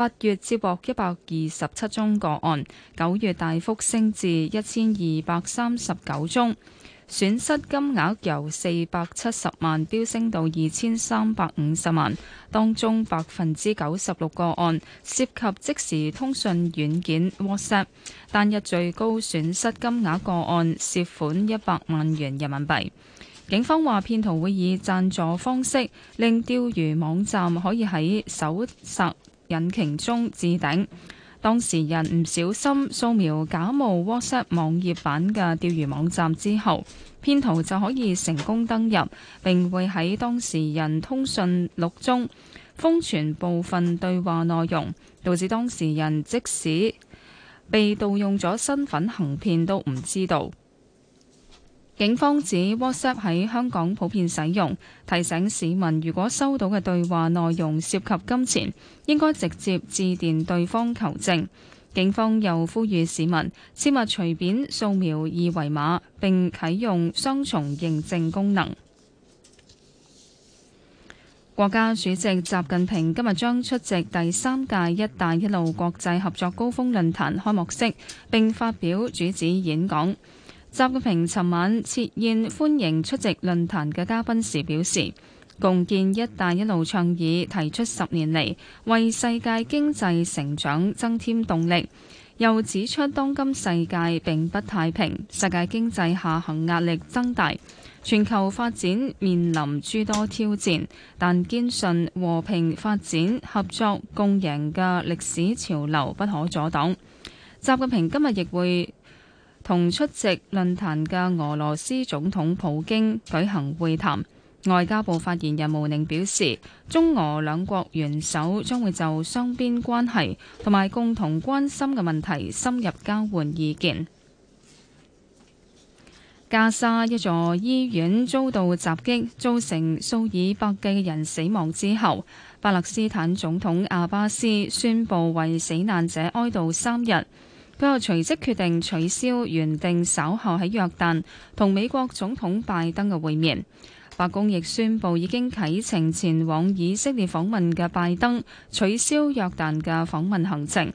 八月接獲一百二十七宗個案，九月大幅升至一千二百三十九宗，損失金額由四百七十萬飆升到二千三百五十萬。當中百分之九十六個案涉及即時通訊軟件 WhatsApp，單日最高損失金額個案涉款一百萬元人民幣。警方話，騙徒會以贊助方式令釣魚網站可以喺搜索引擎中置頂，當事人唔小心掃描假冒 WhatsApp 網頁版嘅釣魚網站之後，騙徒就可以成功登入，並會喺當事人通訊錄中封存部分對話內容，導致當事人即使被盜用咗身份行騙都唔知道。警方指 WhatsApp 喺香港普遍使用，提醒市民如果收到嘅對話內容涉及金錢，應該直接致電對方求證。警方又呼籲市民切勿隨便掃描二維碼，並啟用雙重認證功能。國家主席習近平今日將出席第三屆「一帶一路」國際合作高峰論壇開幕式並發表主旨演講。習近平尋晚設宴歡迎出席論壇嘅嘉賓時表示，共建“一帶一路”倡議提出十年嚟為世界經濟成長增添動力，又指出當今世界並不太平，世界經濟下行壓力增大，全球發展面臨諸多挑戰，但堅信和平發展、合作共贏嘅歷史潮流不可阻擋。習近平今日亦會同出席論壇嘅俄羅斯總統普京舉行會談，外交部發言人毛寧表示，中俄兩國元首將會就雙邊關係同埋共同關心嘅問題深入交換意見。加沙一座醫院遭到襲擊，造成數以百計嘅人死亡之後，巴勒斯坦總統阿巴斯宣布為死難者哀悼三日。佢又隨即決定取消原定稍後喺約旦同美國總統拜登嘅會面。白宮亦宣佈已經啟程前往以色列訪問嘅拜登取消約旦嘅訪問行程。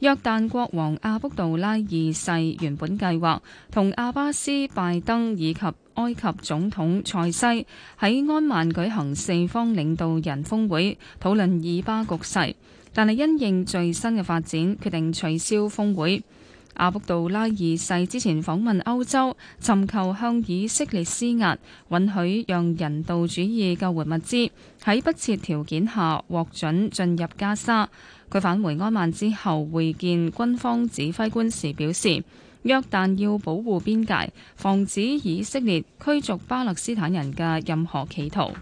約旦國王阿卜杜拉二世原本計劃同阿巴斯、拜登以及埃及總統塞西喺安曼舉行四方領導人峰會，討論以巴局勢。但係因應最新嘅發展，決定取消峰會。阿卜杜拉二世之前訪問歐洲，尋求向以色列施壓，允許讓人道主義救援物資喺不設條件下獲准進入加沙。佢返回安曼之後，會見軍方指揮官時表示，約旦要保護邊界，防止以色列驅逐巴勒斯坦人嘅任何企圖。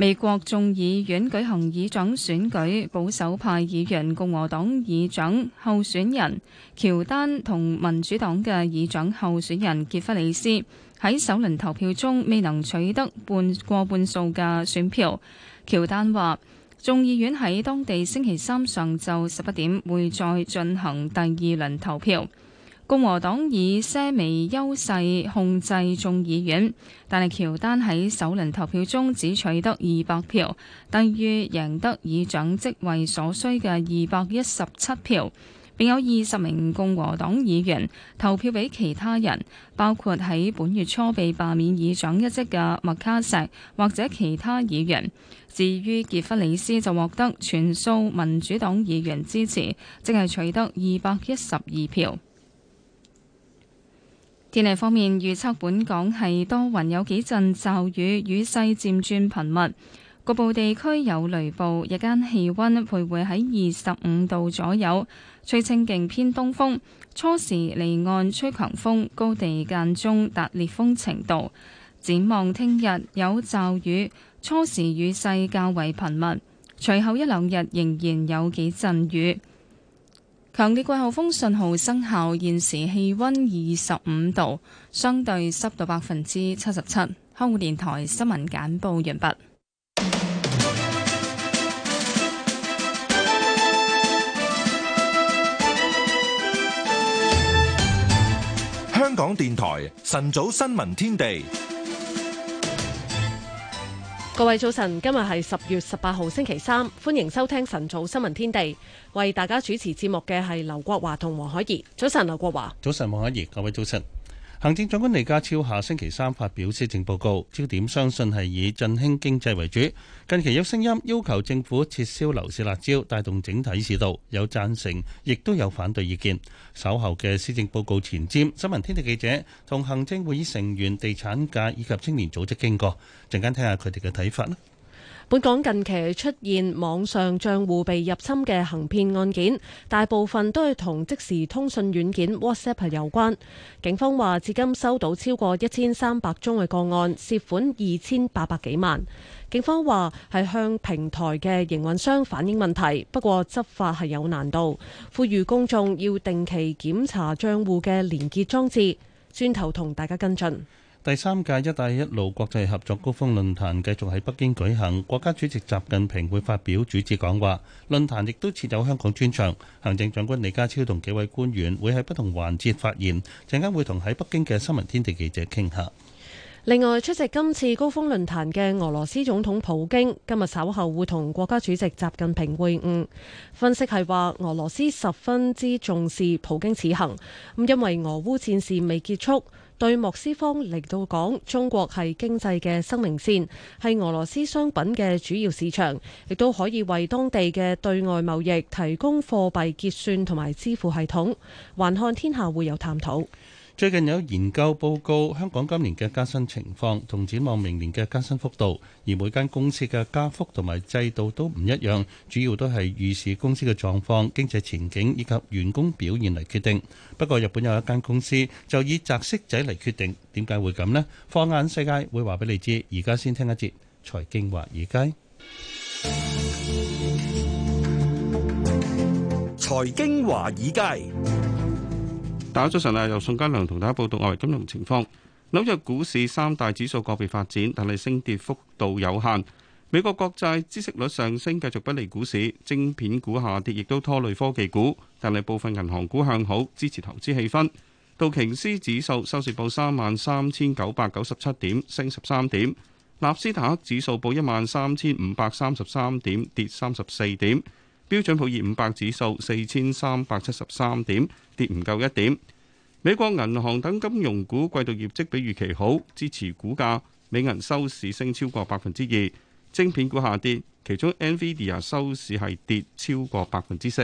美國眾議院舉行議長選舉，保守派議員共和黨議長候選人喬丹同民主黨嘅議長候選人傑弗里斯喺首輪投票中未能取得半過半數嘅選票。喬丹話，眾議院喺當地星期三上晝十一點會再進行第二輪投票。共和黨以些微優勢控制眾議院，但係喬丹喺首輪投票中只取得二百票，低於贏得議長職位所需嘅二百一十七票。並有二十名共和黨議員投票俾其他人，包括喺本月初被罷免議長一職嘅麥卡錫或者其他議員。至於傑弗里斯就獲得全數民主黨議員支持，即係取得二百一十二票。天氣方面，預測本港係多雲，有幾陣驟雨，雨勢漸轉頻密，局部地區有雷暴。日間氣溫徘徊喺二十五度左右，吹清勁偏東風，初時離岸吹強風，高地間中達烈風程度。展望聽日有驟雨，初時雨勢較為頻密，隨後一兩日仍然有幾陣雨。強烈季候風信號生效，現時氣溫二十五度，相對濕度百分之七十七。香港電台新聞簡報完畢。香港電台晨早新聞天地。各位早晨，今日係十月十八號星期三，歡迎收聽晨早新聞天地。為大家主持節目嘅係劉國華同黃海怡。早晨，劉國華。早晨，黃海怡。各位早晨。行政長官李家超下星期三發表施政報告，焦點相信係以振興經濟為主。近期有聲音要求政府撤銷樓市辣招，帶動整體市道，有贊成，亦都有反對意見。稍後嘅施政報告前瞻，新聞天地記者同行政會議成員、地產界以及青年組織經過，陣間聽下佢哋嘅睇法啦。本港近期出現網上帳戶被入侵嘅行騙案件，大部分都係同即時通訊軟件 WhatsApp 有關。警方話，至今收到超過一千三百宗嘅個案，涉款二千八百幾萬。警方話係向平台嘅營運商反映問題，不過執法係有難度，呼籲公眾要定期檢查帳戶嘅連結裝置。轉頭同大家跟進。第三屆「一帶一路」國際合作高峰論壇繼續喺北京舉行，國家主席習近平會發表主旨講話。論壇亦都設有香港專場，行政長官李家超同幾位官員會喺不同環節發言。陣間會同喺北京嘅新聞天地記者傾下。另外，出席今次高峰論壇嘅俄羅斯總統普京今日稍後會同國家主席習近平會晤。分析係話，俄羅斯十分之重視普京此行，咁因為俄烏戰事未結束。對莫斯科嚟到講，中國係經濟嘅生命線，係俄羅斯商品嘅主要市場，亦都可以為當地嘅對外貿易提供貨幣結算同埋支付系統。還看天下會有探討。最近有研究報告，香港今年嘅加薪情況同展望明年嘅加薪幅度，而每間公司嘅加幅同埋制度都唔一樣，主要都係預示公司嘅狀況、經濟前景以及員工表現嚟決定。不過日本有一間公司就以擲骰仔嚟決定，點解會咁呢？放眼世界會話俾你知，而家先聽一節《財經華爾街》。《財經華爾街》。大家早晨啊！由宋嘉良同大家報道外圍金融情況。紐約股市三大指數個別發展，但係升跌幅度有限。美國國債孳息率上升，繼續不利股市。晶片股下跌，亦都拖累科技股。但係部分銀行股向好，支持投資氣氛。道瓊斯指數收市報三萬三千九百九十七點，升十三點。納斯達克指數報一萬三千五百三十三點，跌三十四點。標準普爾五百指數四千三百七十三點，跌唔夠一點，美國銀行等金融股季，季度業績比預期好，支持股價。美銀收市升超過百分之二，晶片股下跌，其中 Nvidia 收市係跌超過百分之四。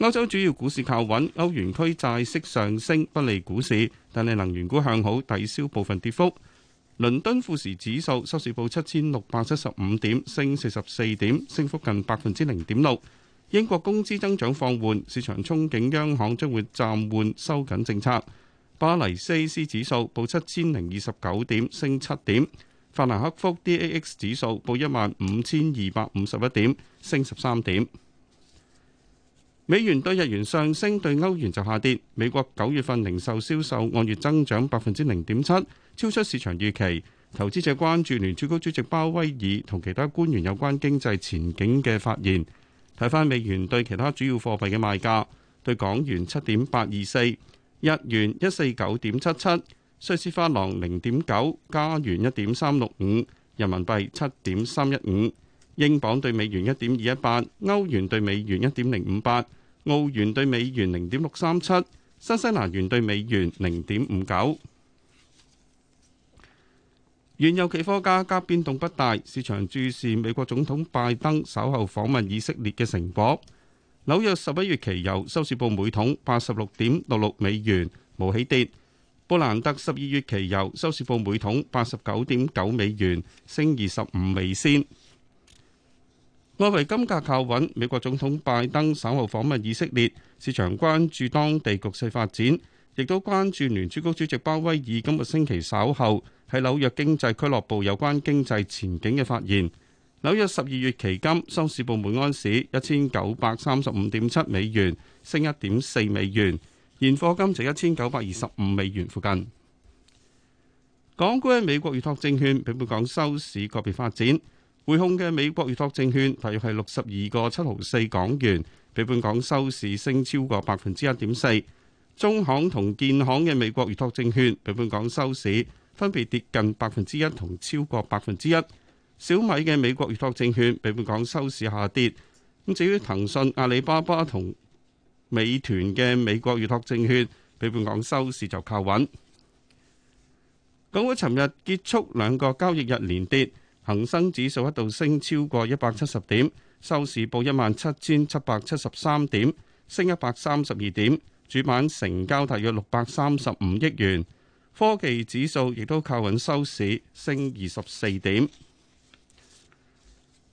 歐洲主要股市靠穩，歐元區債息上升不利股市，但係能源股向好抵消部分跌幅。倫敦富時指數收市報七千六百七十五點，升四十四點，升幅近百分之零點六。英國工資增長放緩，市場憧憬央行將會暫緩收緊政策。巴黎 CAC 指數報七千零二十九點，升七點。法蘭克福 DAX 指數報一萬五千二百五十一點，升十三點。美元兌日元上升，對歐元就下跌。美國九月份零售銷售按月增長百分之零點七，超出市場預期。投資者關注聯儲局主席鮑威爾同其他官員有關經濟前景嘅發言。睇翻美元對其他主要貨幣嘅賣價對港元七點八二四，日元一四九點七七，瑞士法郎零點九，加元一點三六五，人民幣七點三一五。英鎊兌美元一點二一八，歐元兌美元一點零五八，澳元兌美元零點六三七，新西蘭元兌美元零點五九。原油期貨價格變動不大，市場注視美國總統拜登稍後訪問以色列嘅成果。紐約十一月期油收市報每桶八十六點六六美元，無起跌。布蘭特十二月期油收市報每桶八十九點九美元，升二十五美仙。外圍金價靠穩，美國總統拜登稍後訪問以色列，市場關注當地局勢發展，亦都關注聯儲局主席鮑威爾今個星期稍後喺紐約經濟俱樂部有關經濟前景嘅發言。紐約十二月期金收市報每安士一千九百三十五點七美元，升一點四美元，現貨金值一千九百二十五美元附近。港股喺美國預託證券，並本港收市個別發展。匯控嘅美國預託證券大約係六十二個七毫四港元，比本港收市升超過百分之一點四。中行同建行嘅美國預託證券比本港收市分別跌近百分之一同超過百分之一。小米嘅美國預託證券比本港收市下跌。咁至於騰訊、阿里巴巴同美團嘅美國預託證券比本港收市就靠穩。港股尋日結束兩個交易日連跌。恒生指數一度升超過一百七十點，收市報一萬七千七百七十三點，升一百三十二點。主板成交大約六百三十五億元。科技指數亦都靠穩收市，升二十四點。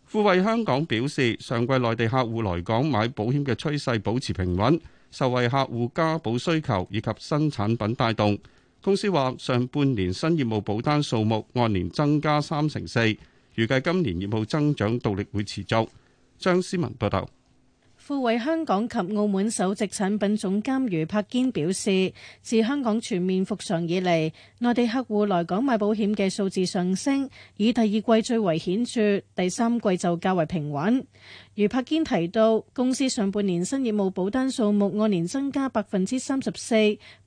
富衛香港表示，上季內地客戶來港買保險嘅趨勢保持平穩，受惠客戶加保需求以及新產品帶動。公司話上半年新業務保單數目按年增加三成四，預計今年業務增長動力會持續。張思文報道，富衛香港及澳門首席產品總監余柏堅表示，自香港全面復常以嚟，內地客戶來港買保險嘅數字上升，以第二季最為顯著，第三季就較為平穩。余柏堅提到，公司上半年新業務保單數目按年增加百分之三十四，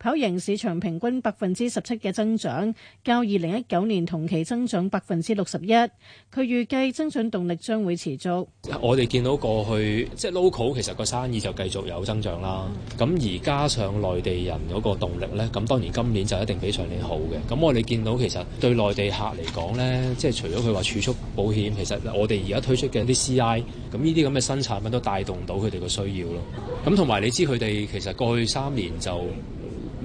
跑贏市場平均百分之十七嘅增長，較二零一九年同期增長百分之六十一。佢預計增長動力將會持續。我哋見到過去即係 local 其實個生意就繼續有增長啦，咁而加上內地人嗰個動力呢，咁當然今年就一定比上年好嘅。咁我哋見到其實對內地客嚟講呢，即係除咗佢話儲蓄保險，其實我哋而家推出嘅啲 CI，咁呢啲。咁嘅新產品都帶動到佢哋嘅需要咯。咁同埋你知佢哋其實過去三年就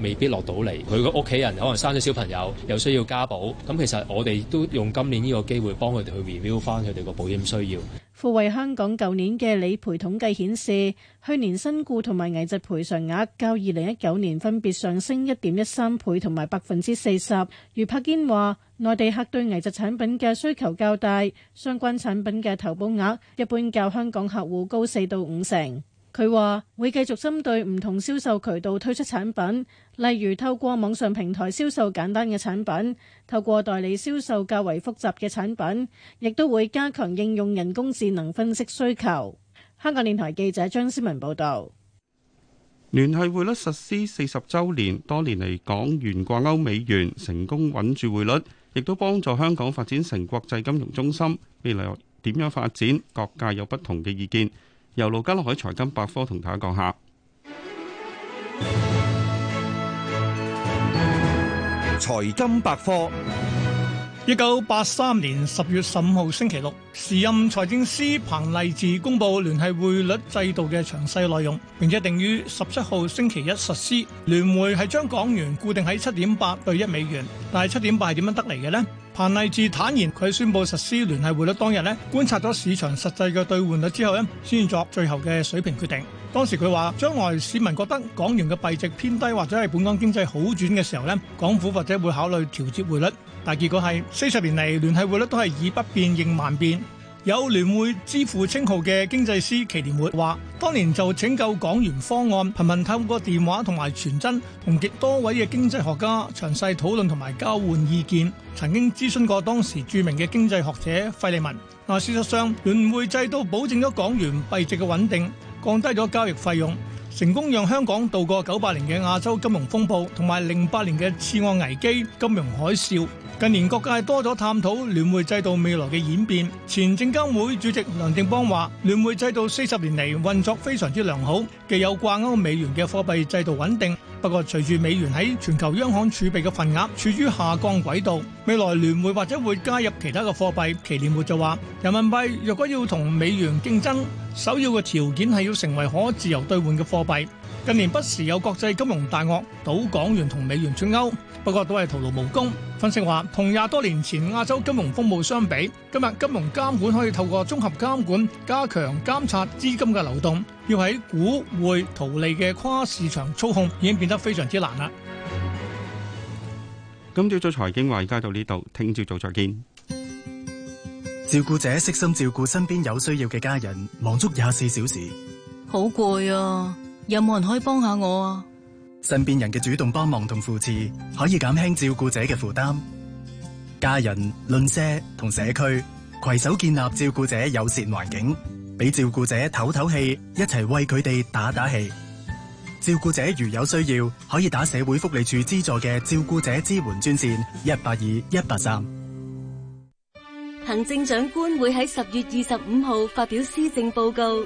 未必落到嚟，佢個屋企人可能生咗小朋友，又需要加保。咁其實我哋都用今年呢個機會幫佢哋去 review 翻佢哋個保險需要。富衛香港舊年嘅理賠統計顯示，去年身故同埋危疾賠償額較二零一九年分別上升一點一三倍同埋百分之四十。余柏堅話：內地客對危疾產品嘅需求較大，相關產品嘅投保額一般較香港客戶高四到五成。佢話會繼續針對唔同銷售渠道推出產品。例如透過網上平台銷售簡單嘅產品，透過代理銷售較為複雜嘅產品，亦都會加強應用人工智能分析需求。香港電台記者張思文報道。聯繫匯率實施四十周年，多年嚟港元掛鈎美元成功穩住匯率，亦都幫助香港發展成國際金融中心。未來點樣發展，各界有不同嘅意見。由盧家樂海財金百科同大家講下。財金百科，一九八三年十月十五號星期六，時任財政司彭勵治公布聯繫匯率制度嘅詳細內容，並且定於十七號星期一實施。聯會係將港元固定喺七點八對一美元，但係七點八係點樣得嚟嘅呢？彭勵治坦言，佢宣布實施聯繫匯率當日咧，觀察咗市場實際嘅兌換率之後咧，先作最後嘅水平決定。當時佢話，將來市民覺得港元嘅幣值偏低或者係本港經濟好轉嘅時候咧，港府或者會考慮調節匯率。但係結果係四十年嚟聯繫匯率都係以不變應萬變。有聯會支付稱號嘅經濟師祁連活話，當年就拯救港元方案，頻頻透過電話同埋傳真，同極多位嘅經濟學家詳細討論同埋交換意見，曾經諮詢過當時著名嘅經濟學者費利文。嗱，事實上聯會制度保證咗港元幣值嘅穩定，降低咗交易費用，成功讓香港度過九八年嘅亞洲金融風暴同埋零八年嘅次按危機金融海嘯。近年各界多咗探討聯匯制度未來嘅演變。前證監會主席梁定邦話：聯匯制度四十年嚟，運作非常之良好，既有掛鈎美元嘅貨幣制度穩定。不過，隨住美元喺全球央行儲備嘅份額處於下降軌道，未來聯匯或者會加入其他嘅貨幣。祁連會就話：人民幣如果要同美元競爭，首要嘅條件係要成為可自由兌換嘅貨幣。近年不時有國際金融大鱷賭港元同美元串勾，不過都係徒勞無功。分析話，同廿多年前亞洲金融風暴相比，今日金融監管可以透過綜合監管加強監察資金嘅流動，要喺股匯逃利嘅跨市場操控已經變得非常之難啦。今朝早財經話而家到呢度，聽朝早再見。照顧者悉心照顧身邊有需要嘅家人，忙足廿四小時，好攰啊！有冇人可以幫下我啊？身邊人嘅主動幫忙同扶持，可以減輕照顧者嘅負擔。家人、鄰舍同社區攜手建立照顧者友善環境，俾照顧者唞唞氣，一齊為佢哋打打氣。照顧者如有需要，可以打社會福利署資助嘅照顧者支援專綫一八二一八三。行政長官會喺十月二十五號發表施政報告。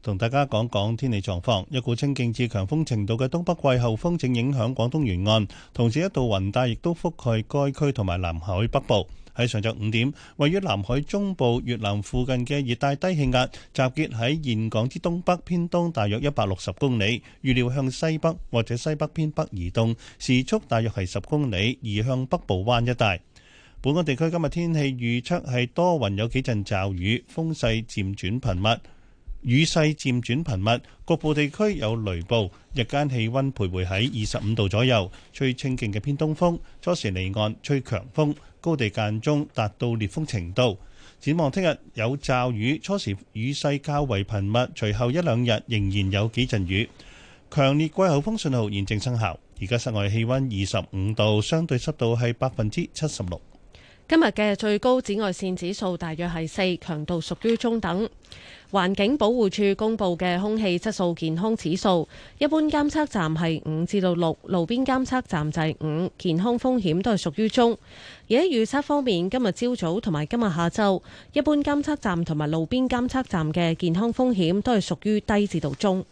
同大家講講天氣狀況，一股清勁至強風程度嘅東北季候風正影響廣東沿岸，同時一道雲帶亦都覆蓋該區同埋南海北部。喺上晝五點，位於南海中部越南附近嘅熱帶低氣壓集結喺現港之東北偏東大約一百六十公里，預料向西北或者西北偏北移動，時速大約係十公里，移向北部灣一帶。本港地區今日天氣預測係多雲，有幾陣驟雨，風勢漸轉頻密。雨勢漸轉頻密，局部地區有雷暴。日間氣溫徘徊喺二十五度左右，吹清勁嘅偏東風。初時離岸吹強風，高地間中達到烈風程度。展望聽日有驟雨，初時雨勢較為頻密，隨後一兩日仍然有幾陣雨。強烈季候風信號現正生效。而家室外氣溫二十五度，相對濕度係百分之七十六。今日嘅最高紫外線指數大約係四，強度屬於中等。環境保護署公布嘅空氣質素健康指數，一般監測站係五至到六，路邊監測站就係五，健康風險都係屬於中。而喺預測方面，今日朝早同埋今日下晝，一般監測站同埋路邊監測站嘅健康風險都係屬於低至到中。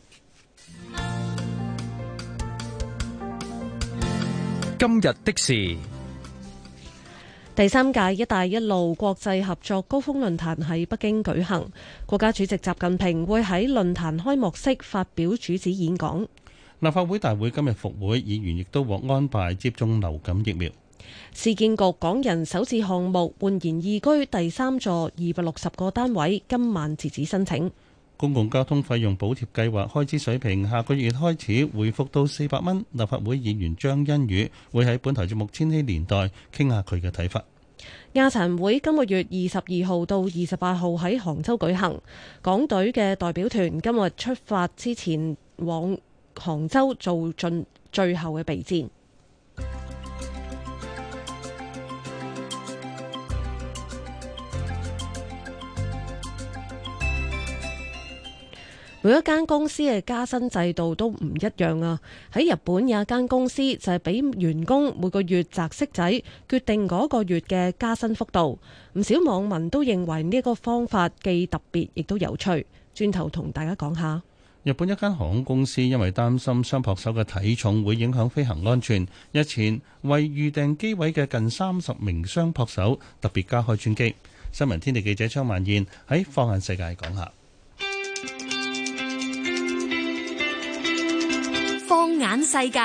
今日的事。第三屆“一帶一路”國際合作高峰論壇喺北京舉行，國家主席習近平會喺論壇開幕式發表主旨演講。立法會大會今日復會，議員亦都獲安排接種流感疫苗。市建局港人首次項目煥然懿居第三座二百六十個單位，今晚截止申請。公共交通費用補貼計劃開支水平下個月開始回復到四百蚊。立法會議員張欣宇會喺本台節目《千禧年代》傾下佢嘅睇法。亞殘會今個月二十二號到二十八號喺杭州舉行，港隊嘅代表團今日出發之前往杭州做進最後嘅備戰。每一間公司嘅加薪制度都唔一樣啊！喺日本有一間公司就係俾員工每個月擲骰仔，決定嗰個月嘅加薪幅度。唔少網民都認為呢個方法既特別亦都有趣。轉頭同大家講下，日本一間航空公司因為擔心相撲手嘅體重會影響飛行安全，日前為預訂機位嘅近三十名相撲手特別加開專機。新聞天地記者張萬燕喺放眼世界講下。放眼世界，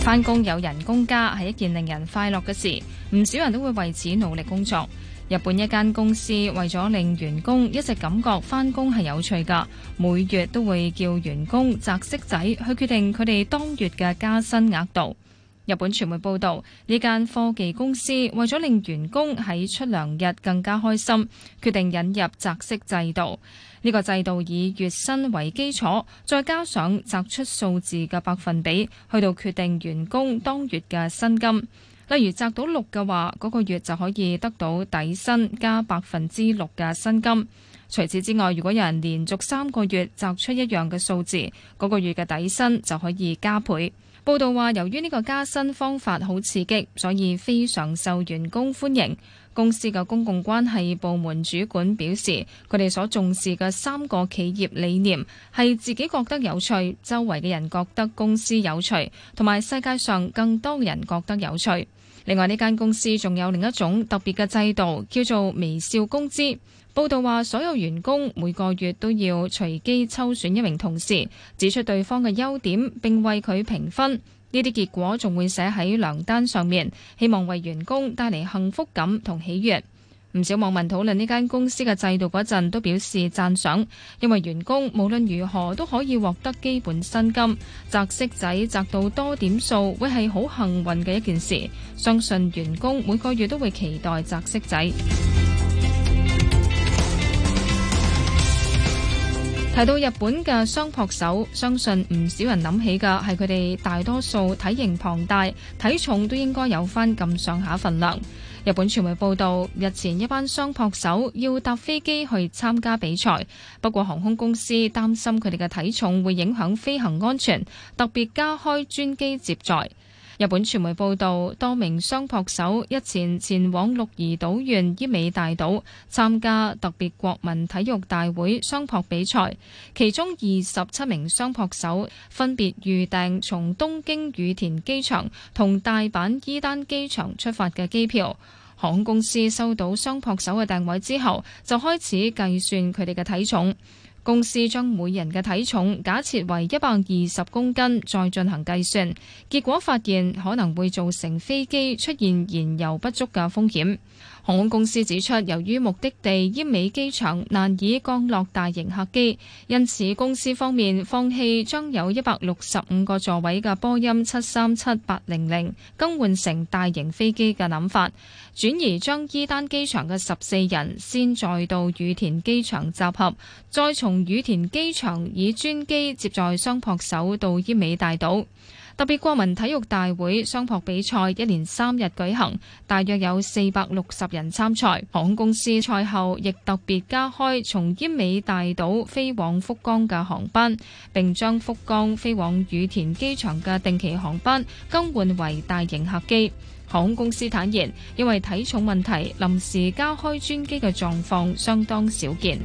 翻工有人工加係一件令人快樂嘅事，唔少人都會為此努力工作。日本一間公司為咗令員工一直感覺翻工係有趣噶，每月都會叫員工擲色仔去決定佢哋當月嘅加薪額度。日本傳媒報道呢間科技公司為咗令員工喺出糧日更加開心，決定引入擲色制度。呢個制度以月薪為基礎，再加上擲出數字嘅百分比，去到決定員工當月嘅薪金。例如擲到六嘅話，嗰個月就可以得到底薪加百分之六嘅薪金。除此之外，如果有人連續三個月擲出一樣嘅數字，嗰個月嘅底薪就可以加倍。報道話，由於呢個加薪方法好刺激，所以非常受員工歡迎。公司嘅公共關係部門主管表示，佢哋所重視嘅三個企業理念係自己覺得有趣，周圍嘅人覺得公司有趣，同埋世界上更多人覺得有趣。另外呢間公司仲有另一種特別嘅制度，叫做微笑工資。報道話，所有員工每個月都要隨機抽選一名同事，指出對方嘅優點並為佢評分。呢啲結果仲會寫喺糧單上面，希望為員工帶嚟幸福感同喜悅。唔少網民討論呢間公司嘅制度嗰陣，都表示讚賞，因為員工無論如何都可以獲得基本薪金，擲骰仔擲到多點數會係好幸運嘅一件事。相信員工每個月都會期待擲骰仔。提到日本嘅相撲手，相信唔少人諗起嘅係佢哋大多數體型龐大，體重都應該有返咁上下份量。日本傳媒報道，日前一班相撲手要搭飛機去參加比賽，不過航空公司擔心佢哋嘅體重會影響飛行安全，特別加開專機接載。日本傳媒報道，多名相撲手日前前往鹿兒島縣奄美大島參加特別國民體育大會相撲比賽，其中二十七名相撲手分別預訂從東京羽田機場同大阪伊丹機場出發嘅機票。航空公司收到相撲手嘅訂位之後，就開始計算佢哋嘅體重。公司將每人嘅體重假設為一百二十公斤，再進行計算，結果發現可能會造成飛機出現燃油不足嘅風險。航空公司指出，由於目的地奄美機場難以降落大型客機，因此公司方面放棄將有一百六十五個座位嘅波音七三七八零零更換成大型飛機嘅諗法，轉而將伊丹機場嘅十四人先載到羽田機場集合，再從羽田機場以專機接載雙駁手到奄美大島。特別國民體育大會相撲比賽一連三日舉行，大約有四百六十人參賽。航空公司賽後亦特別加開從奄美大島飛往福岡嘅航班，並將福岡飛往羽田機場嘅定期航班更換為大型客機。航空公司坦言，因為體重問題，臨時加開專機嘅狀況相當少見。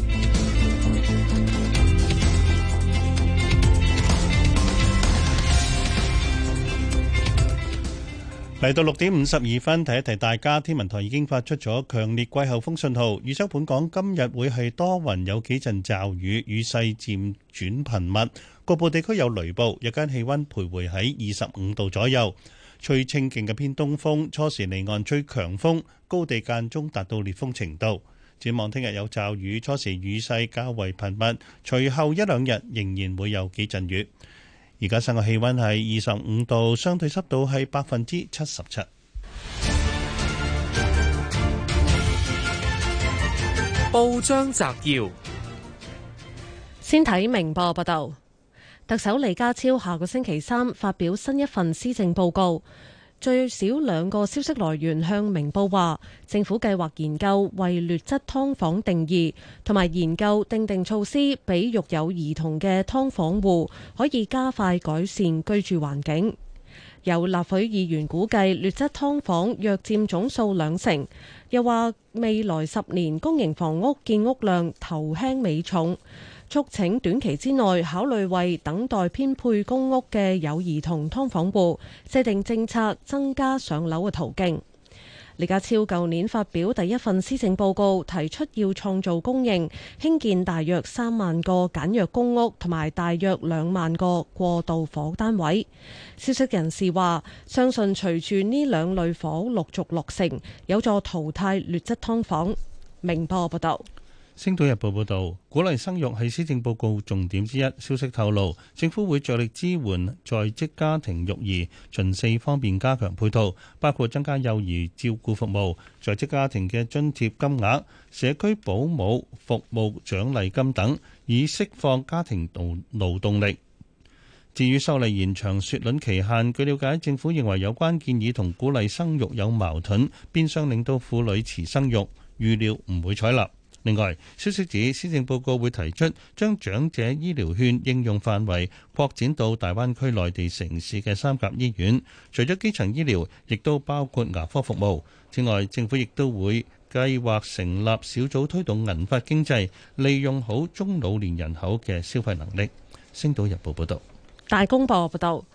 嚟到六點五十二分，提一提大家，天文台已經發出咗強烈季候風信號。預測本港今日會係多雲，有幾陣驟雨，雨勢漸轉頻密，局部地區有雷暴。日間氣溫徘徊喺二十五度左右。吹清勁嘅偏東風，初時離岸吹強風，高地間中達到烈風程度。展望聽日有驟雨，初時雨勢較為頻密，隨後一兩日仍然會有幾陣雨。而家新嘅氣溫係二十五度，相對濕度係百分之七十七。報章摘要，先睇明報報道，特首李家超下個星期三發表新一份施政報告。最少兩個消息來源向明報話，政府計劃研究為劣質劏房定義，同埋研究定定措施，俾育有兒童嘅劏房戶可以加快改善居住環境。有立法議員估計劣質劏房約佔總數兩成，又話未來十年公營房屋建屋量頭輕尾重。促請短期之內考慮為等待編配公屋嘅有兒童劏房戶制定政策，增加上樓嘅途徑。李家超舊年發表第一份施政報告，提出要創造供應，興建大約三萬個簡約公屋，同埋大約兩萬個過渡房單位。消息人士話，相信隨住呢兩類房陸續落成，有助淘汰劣質劏房。明報報道。《星島日報》報道，鼓勵生育係施政報告重點之一。消息透露，政府會着力支援在職家庭育兒，循四方面加強配套，包括增加幼兒照顧服務、在職家庭嘅津貼金額、社區保姆服務獎勵金等，以釋放家庭勞勞動力。至於修例延長雪卵期限，據了解，政府認為有關建議同鼓勵生育有矛盾，變相令到婦女遲生育，預料唔會採納。另外，消息指施政報告會提出將長者醫療券應用範圍擴展到大灣區內地城市嘅三甲醫院，除咗基層醫療，亦都包括牙科服務，此外，政府亦都會計劃成立小組推動銀髮經濟，利用好中老年人口嘅消費能力。星島日報報道，大公報報道。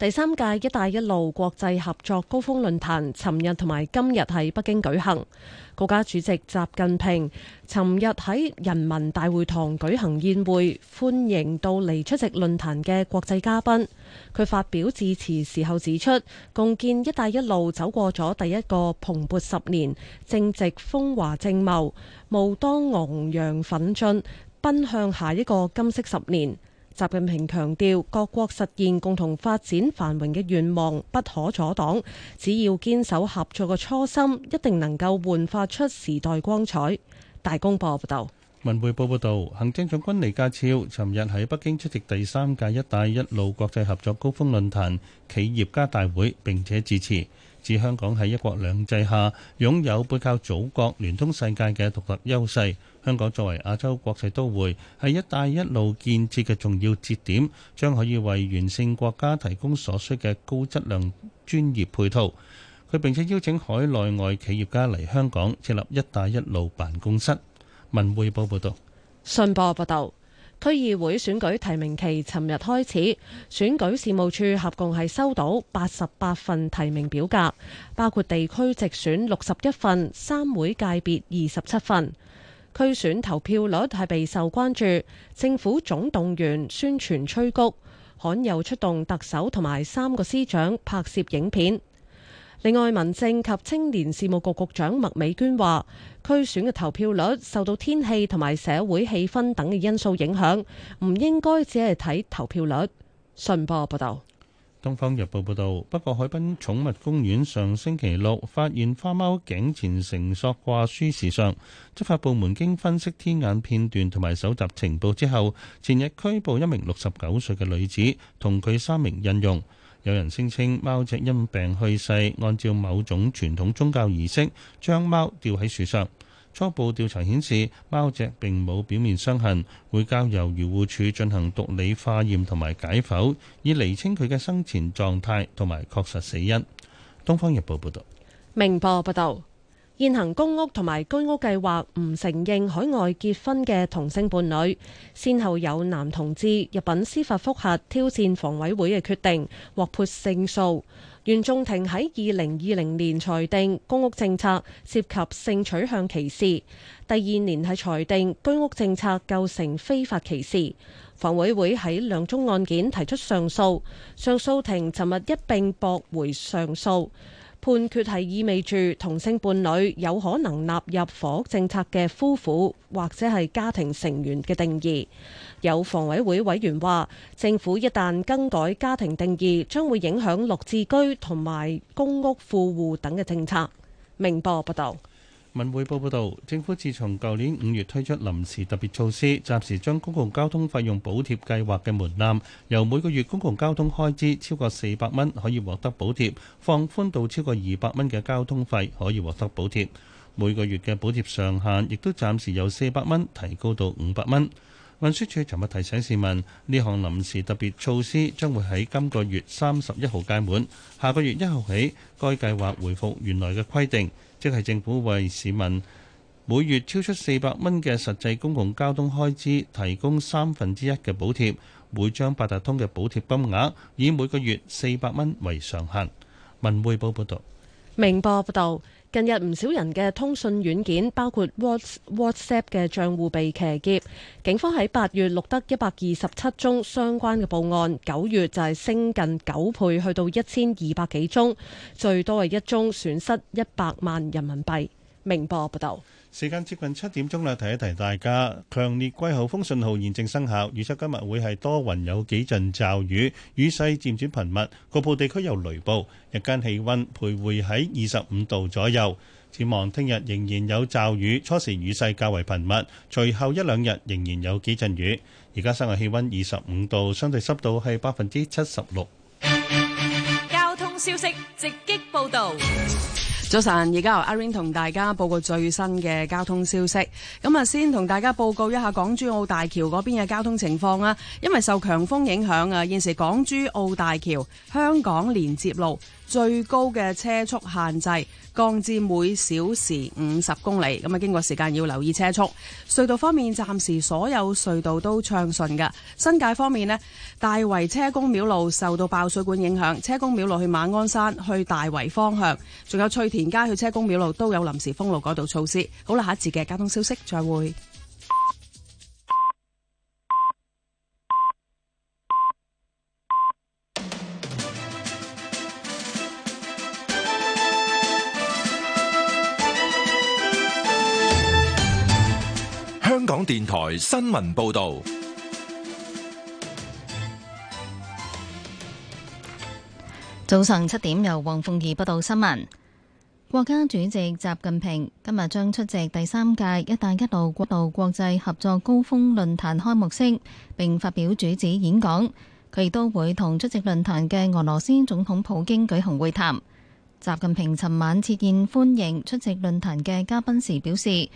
第三屆一帶一路國際合作高峰論壇，尋日同埋今日喺北京舉行。國家主席習近平尋日喺人民大會堂舉行宴會，歡迎到嚟出席論壇嘅國際嘉賓。佢發表致辭時候指出，共建一帶一路走過咗第一個蓬勃十年，正值風華正茂，務當昂揚奮進，奔向下一個金色十年。習近平強調，各國實現共同發展繁榮嘅願望不可阻擋，只要堅守合作嘅初心，一定能夠煥發出時代光彩。大公報報道，文匯報報道，行政長官李家超尋日喺北京出席第三屆“一帶一路”國際合作高峰論壇企業家大會，並且致辭。指香港喺一國兩制下擁有背靠祖國、聯通世界嘅獨特優勢。香港作為亞洲國際都會，係「一帶一路」建設嘅重要節點，將可以為沿線國家提供所需嘅高質量專業配套。佢並且邀請海內外企業家嚟香港設立「一帶一路」辦公室。文匯報報導，信報報道。區議會選舉提名期尋日開始，選舉事務處合共係收到八十八份提名表格，包括地區直選六十一份，三會界別二十七份。區選投票率係備受關注，政府總動員宣傳催谷，罕有出動特首同埋三個司長拍攝影片。另外，民政及青年事務局局長麥美娟話，區選嘅投票率受到天氣同埋社會氣氛等嘅因素影響，唔應該只係睇投票率。信報報道，《東方日報》報道，北角海濱寵物公園上星期六發現花貓頸前繩索掛殊事上，執法部門經分析天眼片段同埋搜集情報之後，前日拘捕一名六十九歲嘅女子同佢三名印傭。有人聲稱貓隻因病去世，按照某種傳統宗教儀式，將貓吊喺樹上。初步調查顯示，貓隻並冇表面傷痕，會交由漁護署進行毒理化驗同埋解剖，以釐清佢嘅生前狀態同埋確實死因。東方日報報道。明報報道。現行公屋同埋居屋計劃唔承認海外結婚嘅同性伴侶，先後有男同志入禀司法覆核挑戰房委會嘅決定，獲判勝訴。原訟庭喺二零二零年裁定公屋政策涉及性取向歧視，第二年係裁定居屋政策構成非法歧視。房委會喺兩宗案件提出上訴，上訴庭尋日一並駁回上訴。判決係意味住同性伴侶有可能納入房屋政策嘅夫婦或者係家庭成員嘅定義。有房委會委員話，政府一旦更改家庭定義，將會影響綠置居同埋公屋富戶等嘅政策。明報報道。文匯報報道，政府自從舊年五月推出臨時特別措施，暫時將公共交通費用補貼計劃嘅門檻由每個月公共交通開支超過四百蚊可以獲得補貼，放寬到超過二百蚊嘅交通費可以獲得補貼。每個月嘅補貼上限亦都暫時由四百蚊提高到五百蚊。運輸署尋日提醒市民，呢項臨時特別措施將會喺今個月三十一號屆滿，下個月一號起，該計劃回復原來嘅規定。即係政府為市民每月超出四百蚊嘅實際公共交通開支提供三分之一嘅補貼，每張八達通嘅補貼金額以每個月四百蚊為上限。文匯報報道。明報報道。近日唔少人嘅通訊軟件，包括 WhatsApp 嘅帳戶被騎劫，警方喺八月錄得一百二十七宗相關嘅報案，九月就係升近九倍，去到一千二百幾宗，最多係一宗損失一百萬人民幣。明報報道。時間接近七點鐘啦，提一提大家，強烈季候風信號現正生效，預測今日會係多雲有幾陣驟雨，雨勢漸轉頻密，局部地區有雷暴。日間氣温徘徊喺二十五度左右，展望聽日仍然有驟雨，初時雨勢較為頻密，隨後一兩日仍然有幾陣雨。而家室外氣温二十五度，相對濕度係百分之七十六。交通消息直擊報道。早晨，而家由阿 Ring 同大家報告最新嘅交通消息。咁啊，先同大家報告一下港珠澳大橋嗰邊嘅交通情況啦，啊。因為受強風影響啊，現時港珠澳大橋、香港連接路。最高嘅車速限制降至每小時五十公里，咁啊經過時間要留意車速。隧道方面，暫時所有隧道都暢順噶。新界方面咧，大圍車公廟路受到爆水管影響，車公廟路去馬鞍山去大圍方向，仲有翠田街去車公廟路都有臨時封路改道措施。好喇，下一次嘅交通消息，再會。香港電台新聞報道，早上七點由黃鳳儀報道新聞。國家主席習近平今日將出席第三屆“一帶一路”國路國際合作高峰論壇開幕式，並發表主旨演講。佢亦都會同出席論壇嘅俄羅斯總統普京舉行會談。習近平尋晚設宴歡迎出席論壇嘅嘉賓時表示，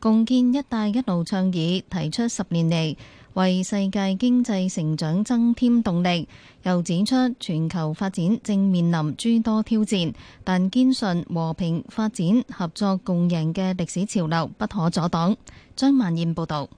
共建“一帶一路”倡議，提出十年嚟為世界經濟成長增添動力，又指出全球發展正面臨諸多挑戰，但堅信和平發展、合作共贏嘅歷史潮流不可阻擋。張萬燕報導。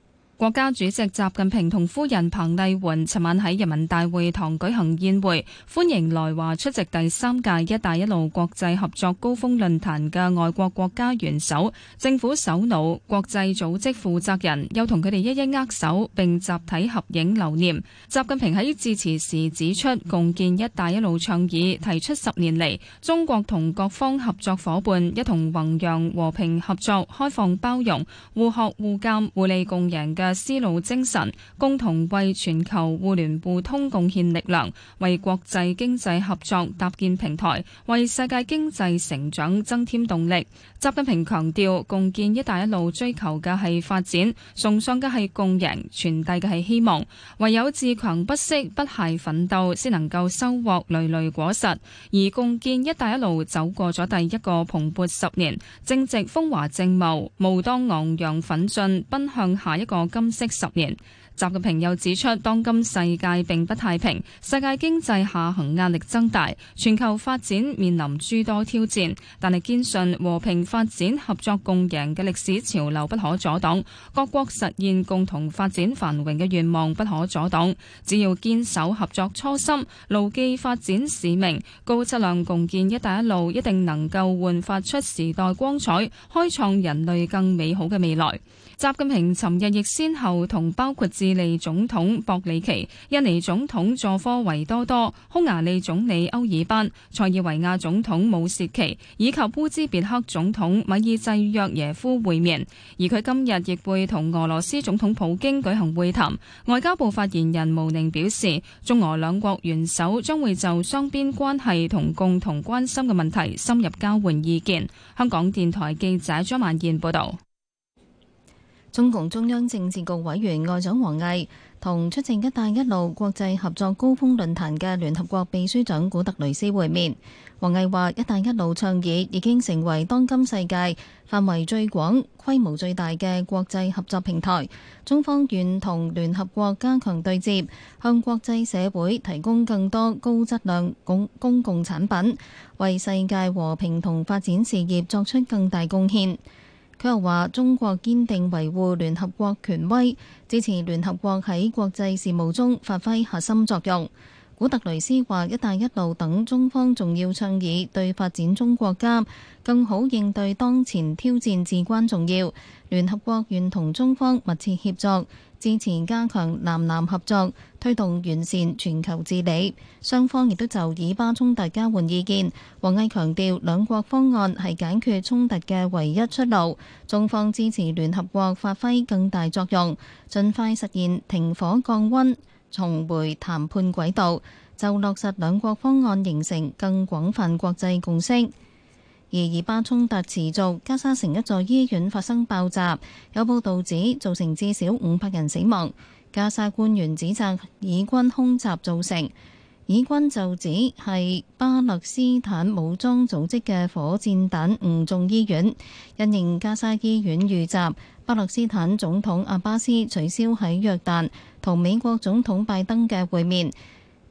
國家主席習近平同夫人彭麗媛尋晚喺人民大會堂舉行宴會，歡迎來華出席第三屆“一帶一路”國際合作高峰論壇嘅外國國家元首、政府首腦、國際組織負責人，又同佢哋一一握手並集體合影留念。習近平喺致辭時指出，共建“一帶一路”倡議提出十年嚟，中國同各方合作伙伴一同弘揚和平、合作、開放、包容、互學互鑒、互利共贏嘅。絲路精神，共同為全球互聯互通貢獻力量，為國際經濟合作搭建平台，為世界經濟成長增添動力。習近平強調，共建“一帶一路”追求嘅係發展，崇尚嘅係共贏，傳遞嘅係希望。唯有自強不息、不懈奮鬥，先能夠收穫累累果實。而共建“一帶一路”走過咗第一個蓬勃十年，正值風華正茂，無當昂揚奮進，奔向下一個金。珍惜十年，習近平又指出，當今世界並不太平，世界經濟下行壓力增大，全球發展面臨諸多挑戰。但係堅信和平發展、合作共贏嘅歷史潮流不可阻擋，各國實現共同發展繁榮嘅願望不可阻擋。只要堅守合作初心，牢記發展使命，高質量共建“一帶一路”，一定能夠煥發出時代光彩，開創人類更美好嘅未來。習近平尋日亦先後同包括智利總統博里奇、印尼總統佐科維多多、匈牙利總理歐爾班、塞爾維亞總統武契奇以及烏茲別克總統米爾濟約耶夫會面，而佢今日亦會同俄羅斯總統普京舉行會談。外交部發言人毛寧表示，中俄兩國元首將會就雙邊關係同共同關心嘅問題深入交換意見。香港電台記者張曼燕報導。中共中央政治局委員外長王毅同出席「一帶一路」國際合作高峰論壇嘅聯合國秘書長古特雷斯會面。王毅話「一帶一路」倡議已經成為當今世界範圍最廣、規模最大嘅國際合作平台。中方願同聯合國加強對接，向國際社會提供更多高質量公、公共產品，為世界和平同發展事業作出更大貢獻。佢又話：中國堅定維護聯合國權威，支持聯合國喺國際事務中發揮核心作用。古特雷斯話：「一帶一路」等中方重要倡議對發展中國家更好應對當前挑戰至關重要。聯合國願同中方密切協作。支持加強南南合作，推動完善全球治理。雙方亦都就以巴衝突交換意見。王毅強調，兩國方案係解決衝突嘅唯一出路。中方支持聯合國發揮更大作用，盡快實現停火降温，重回談判軌道，就落實兩國方案，形成更廣泛國際共識。而以巴衝突持續，加沙城一座醫院發生爆炸，有報道指造成至少五百人死亡。加沙官員指責以軍空襲造成，以軍就指係巴勒斯坦武裝組織嘅火箭彈誤中醫院。因應加沙醫院遇襲，巴勒斯坦總統阿巴斯取消喺約旦同美國總統拜登嘅會面。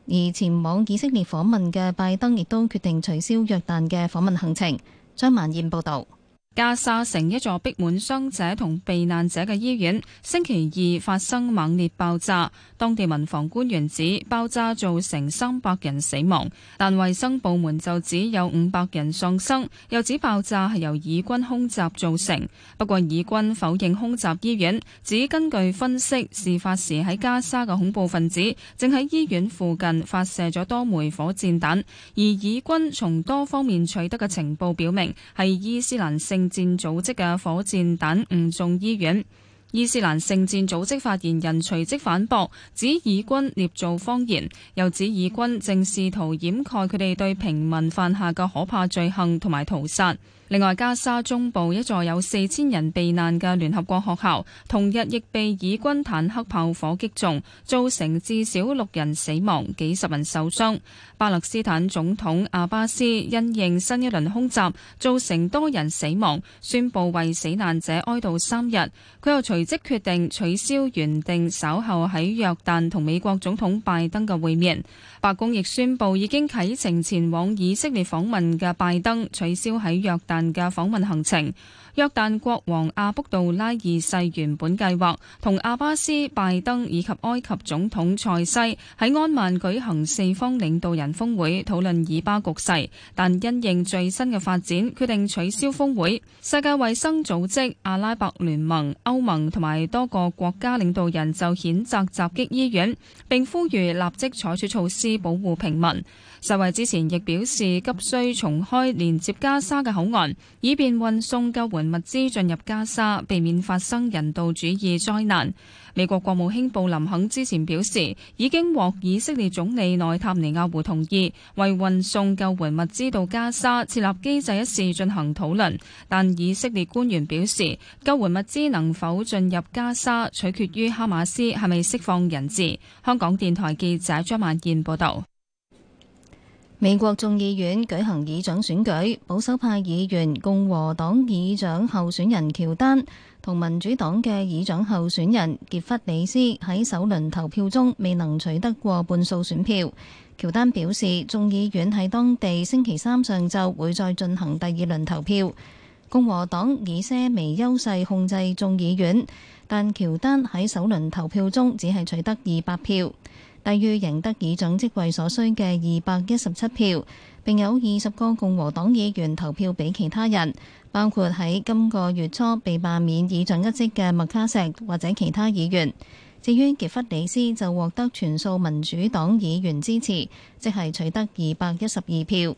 而前往以色列訪問嘅拜登，亦都決定取消約旦嘅訪問行程。張萬燕報道。加沙城一座逼滿傷者同避難者嘅醫院，星期二發生猛烈爆炸。當地民防官員指爆炸造成三百人死亡，但衛生部門就指有五百人喪生，又指爆炸係由以軍空襲造成。不過以軍否認空襲醫院，只根據分析，事發時喺加沙嘅恐怖分子正喺醫院附近發射咗多枚火箭彈，而以軍從多方面取得嘅情報表明，係伊斯蘭聖聖戰組織嘅火箭彈誤中醫院，伊斯蘭聖戰組織發言人隨即反駁，指以軍捏造謊言，又指以軍正試圖掩蓋佢哋對平民犯下嘅可怕罪行同埋屠殺。另外，加沙中部一座有四千人避難嘅聯合國學校，同日亦被以軍坦克炮火擊中，造成至少六人死亡、幾十人受傷。巴勒斯坦總統阿巴斯因應新一輪空襲造成多人死亡，宣布為死難者哀悼三日。佢又隨即決定取消原定稍後喺約旦同美國總統拜登嘅會面。白宮亦宣布，已經啟程前往以色列訪問嘅拜登取消喺約旦嘅訪問行程。約旦國王阿卜杜拉二世原本計劃同阿巴斯、拜登以及埃及總統塞西喺安曼舉行四方領導人峰會，討論以巴局勢，但因應最新嘅發展，決定取消峰會。世界衛生組織、阿拉伯聯盟、歐盟同埋多個國家領導人就譴責襲擊醫院，並呼籲立即採取措施保護平民。世衛之前亦表示，急需重開連接加沙嘅口岸，以便運送救援物資進入加沙，避免發生人道主義災難。美國國務卿布林肯之前表示，已經獲以色列總理內塔尼亞胡同意，為運送救援物資到加沙設立機制，一事進行討論。但以色列官員表示，救援物資能否進入加沙，取決於哈馬斯係咪釋放人質。香港電台記者張曼燕報導。美國眾議院舉行議長選舉，保守派議員共和黨議長候選人喬丹同民主黨嘅議長候選人傑弗里斯喺首輪投票中未能取得過半數選票。喬丹表示，眾議院喺當地星期三上晝會再進行第二輪投票。共和黨以些微優勢控制眾議院，但喬丹喺首輪投票中只係取得二百票。大於贏得議長職位所需嘅二百一十七票，並有二十個共和黨議員投票俾其他人，包括喺今個月初被罷免議長一職嘅麥卡錫或者其他議員。至於傑弗里斯就獲得全數民主黨議員支持，即係取得二百一十二票。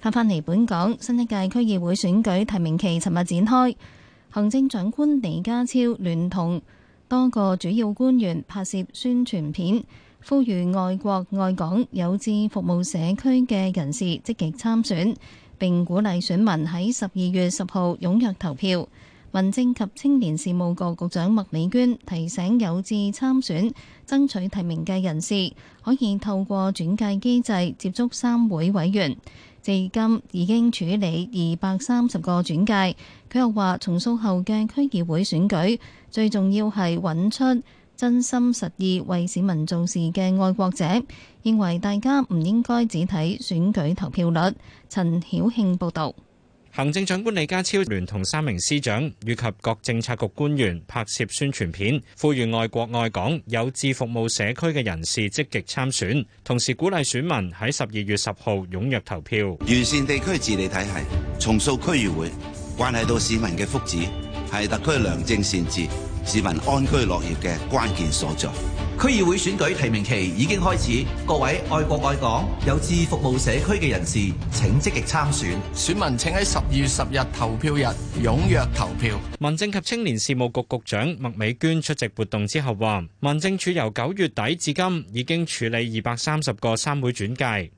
翻返嚟本港，新一屆區議會選舉提名期尋日展開，行政長官李家超聯同多個主要官員拍攝宣傳片。呼籲愛國愛港有志服務社區嘅人士積極參選，並鼓勵選民喺十二月十號踴躍投票。民政及青年事務局局長麥美娟提醒有志參選、爭取提名嘅人士，可以透過轉介機制接觸三會委員。至今已經處理二百三十個轉介。佢又話：重塑後嘅區議會選舉，最重要係揾出。真心實意為市民做事嘅愛國者，認為大家唔應該只睇選舉投票率。陳曉慶報道，行政長官李家超聯同三名司長以及各政策局官員拍攝宣傳片，呼籲愛國愛港、有志服務社區嘅人士積極參選，同時鼓勵選民喺十二月十號踴躍投票。完善地區治理體系，重塑區議會，關係到市民嘅福祉，係特區良政善治，市民安居樂業嘅關鍵所在。區議會選舉提名期已經開始，各位愛國愛港、有志服務社區嘅人士，請積極參選。選民請喺十二月十日投票日踴躍投票。民政及青年事務局局局長麥美娟出席活動之後話，民政處由九月底至今已經處理二百三十個三會轉介。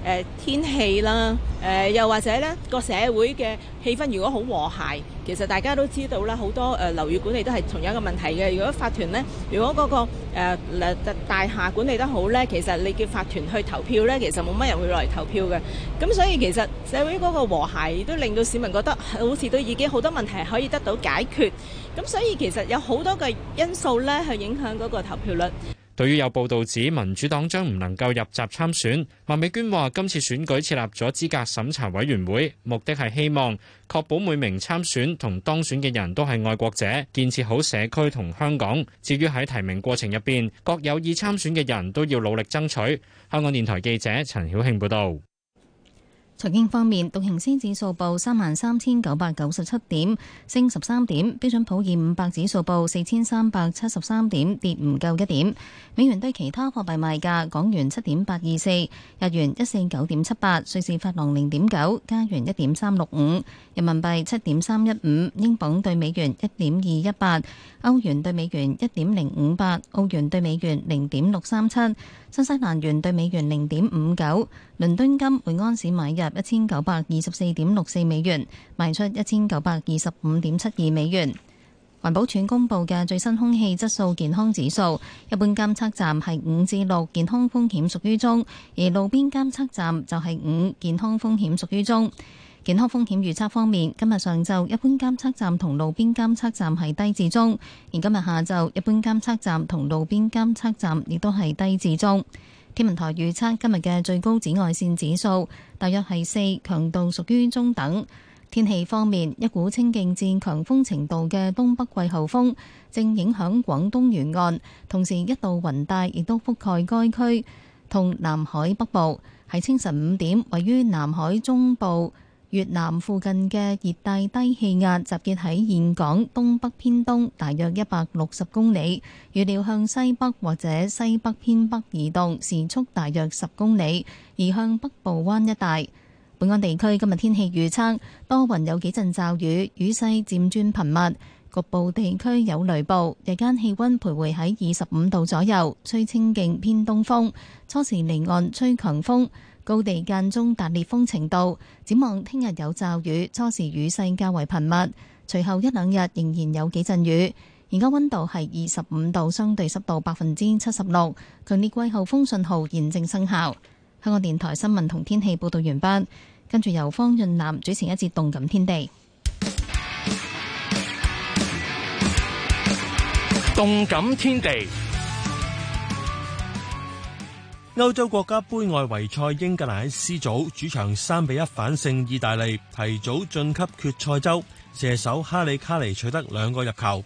誒、呃、天氣啦，誒、呃、又或者咧個社會嘅氣氛，如果好和諧，其實大家都知道啦，好多誒樓宇管理都係同樣一個問題嘅。如果法團呢，如果嗰、那個大、呃、大廈管理得好呢，其實你叫法團去投票呢，其實冇乜人會落嚟投票嘅。咁所以其實社會嗰個和諧都令到市民覺得好似都已經好多問題可以得到解決。咁所以其實有好多嘅因素呢，係影響嗰個投票率。對於有報道指民主黨將唔能夠入閘參選，麥美娟話：今次選舉設立咗資格審查委員會，目的係希望確保每名參選同當選嘅人都係愛國者，建設好社區同香港。至於喺提名過程入邊，各有意參選嘅人都要努力爭取。香港電台記者陳曉慶報導。財經方面，道瓊斯指數報三萬三千九百九十七點，升十三點；標準普爾五百指數報四千三百七十三點，跌唔夠一點。美元對其他貨幣賣價：港元七點八二四，日元一四九點七八，瑞士法郎零點九，加元一點三六五，人民幣七點三一五，英鎊對美元一點二一八，歐元對美元一點零五八，澳元對美元零點六三七。新西蘭元對美元零點五九，倫敦金每安士買入一千九百二十四點六四美元，賣出一千九百二十五點七二美元。環保署公布嘅最新空氣質素健康指數，一般監測站係五至六，健康風險屬於中；而路邊監測站就係五，健康風險屬於中。健康風險預測方面，今日上晝一般監測站同路邊監測站係低至中，而今日下晝一般監測站同路邊監測站亦都係低至中。天文台預測今日嘅最高紫外綫指數大約係四，強度屬於中等。天氣方面，一股清勁至強風程度嘅東北季候風正影響廣東沿岸，同時一道雲帶亦都覆蓋該區同南海北部。喺清晨五點位於南海中部，越南附近嘅熱帶低氣壓集結喺現港東北偏東，大約一百六十公里，預料向西北或者西北偏北移動，時速大約十公里，移向北部灣一帶。本港地區今日天，天氣預測多雲，有幾陣驟雨，雨勢漸轉頻密，局部地區有雷暴。日間氣温徘徊喺二十五度左右，吹清勁偏東風，初時離岸吹強風。高地間中達烈風程度，展望聽日有驟雨，初時雨勢較為頻密，隨後一兩日仍然有幾陣雨。而家溫度係二十五度，相對濕度百分之七十六，強烈季候風信號現正生效。香港電台新聞同天氣報道完畢，跟住由方潤南主持一節動感天地。動感天地。歐洲國家杯外圍賽，英格蘭喺 C 組主場三比一反勝意大利，提早晉級決賽周。射手哈利卡尼取得兩個入球。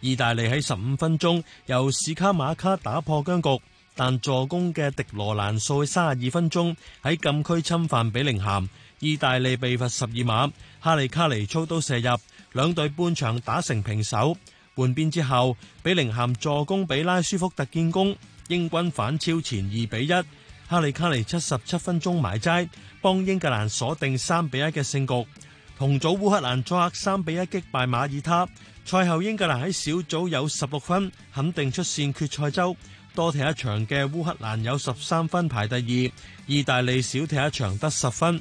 意大利喺十五分鐘由史卡馬卡打破僵局，但助攻嘅迪羅蘭賽卅二分鐘喺禁區侵犯比寧咸，意大利被罰十二碼，哈利卡尼操刀射入，兩隊半場打成平手。換邊之後，比寧咸助攻比拉舒福特建功。英軍反超前二比一，哈利卡尼七十七分鐘埋齋，幫英格蘭鎖定三比一嘅勝局。同組烏克蘭作客三比一擊敗馬爾他，賽後英格蘭喺小組有十六分，肯定出線決賽周。多踢一場嘅烏克蘭有十三分排第二，意大利少踢一場得十分。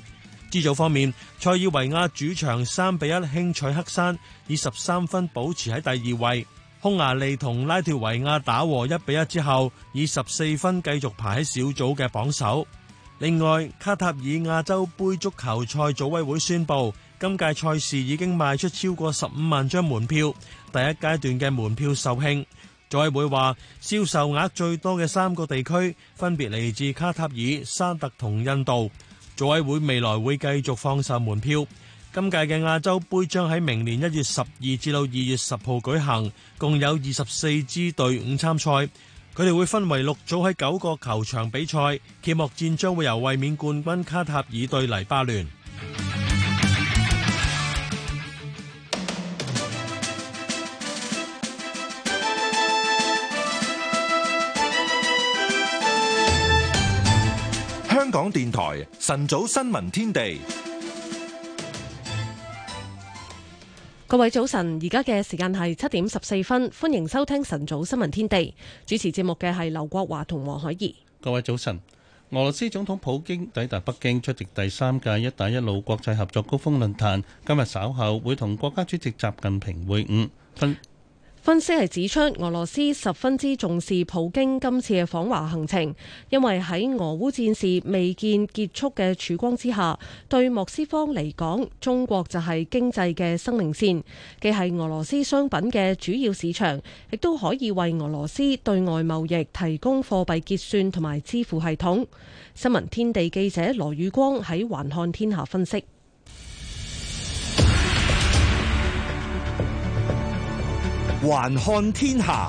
G 組方面，塞爾維亞主場三比一輕取黑山，以十三分保持喺第二位。匈牙利同拉脫維亞打和一比一之後，以十四分繼續排喺小組嘅榜首。另外，卡塔爾亞洲杯足球賽組委會宣布，今屆賽事已經賣出超過十五萬張門票，第一階段嘅門票售罄。組委會話，銷售額最多嘅三個地區分別嚟自卡塔爾、沙特同印度。組委會未來會繼續放售門票。今屆嘅亞洲盃將喺明年一月十二至到二月十號舉行，共有二十四支隊伍參賽，佢哋會分為六組喺九個球場比賽。揭幕戰將會由衛冕冠軍卡塔爾對黎巴嫩。香港電台晨早新聞天地。各位早晨，而家嘅時間係七點十四分，歡迎收聽晨早新聞天地。主持節目嘅係劉國華同黃海怡。各位早晨，俄羅斯總統普京抵達北京出席第三屆“一帶一路”國際合作高峰論壇，今日稍後會同國家主席習近平會晤。分分析係指出，俄羅斯十分之重視普京今次嘅訪華行程，因為喺俄烏戰事未見結束嘅曙光之下，對莫斯科嚟講，中國就係經濟嘅生命線，既係俄羅斯商品嘅主要市場，亦都可以為俄羅斯對外貿易提供貨幣結算同埋支付系統。新聞天地記者羅宇光喺環看天下分析。還看天下。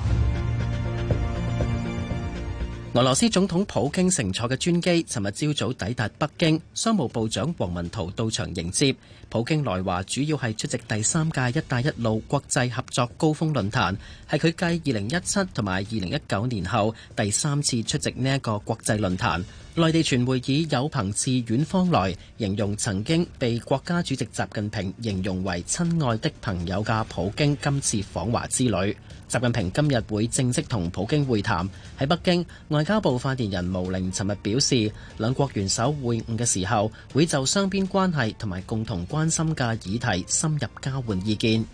俄羅斯總統普京乘坐嘅專機，尋日朝早抵達北京，商務部長王文濤到場迎接。普京來華主要係出席第三屆“一帶一路”國際合作高峰論壇，係佢繼二零一七同埋二零一九年後第三次出席呢一個國際論壇。內地傳媒以“有朋自遠方來”形容曾經被國家主席習近平形容為親愛的朋友嘅普京今次訪華之旅。習近平今日會正式同普京會談。喺北京，外交部發言人毛寧尋日表示，兩國元首會晤嘅時候，會就雙邊關係同埋共同關心嘅議題深入交換意見。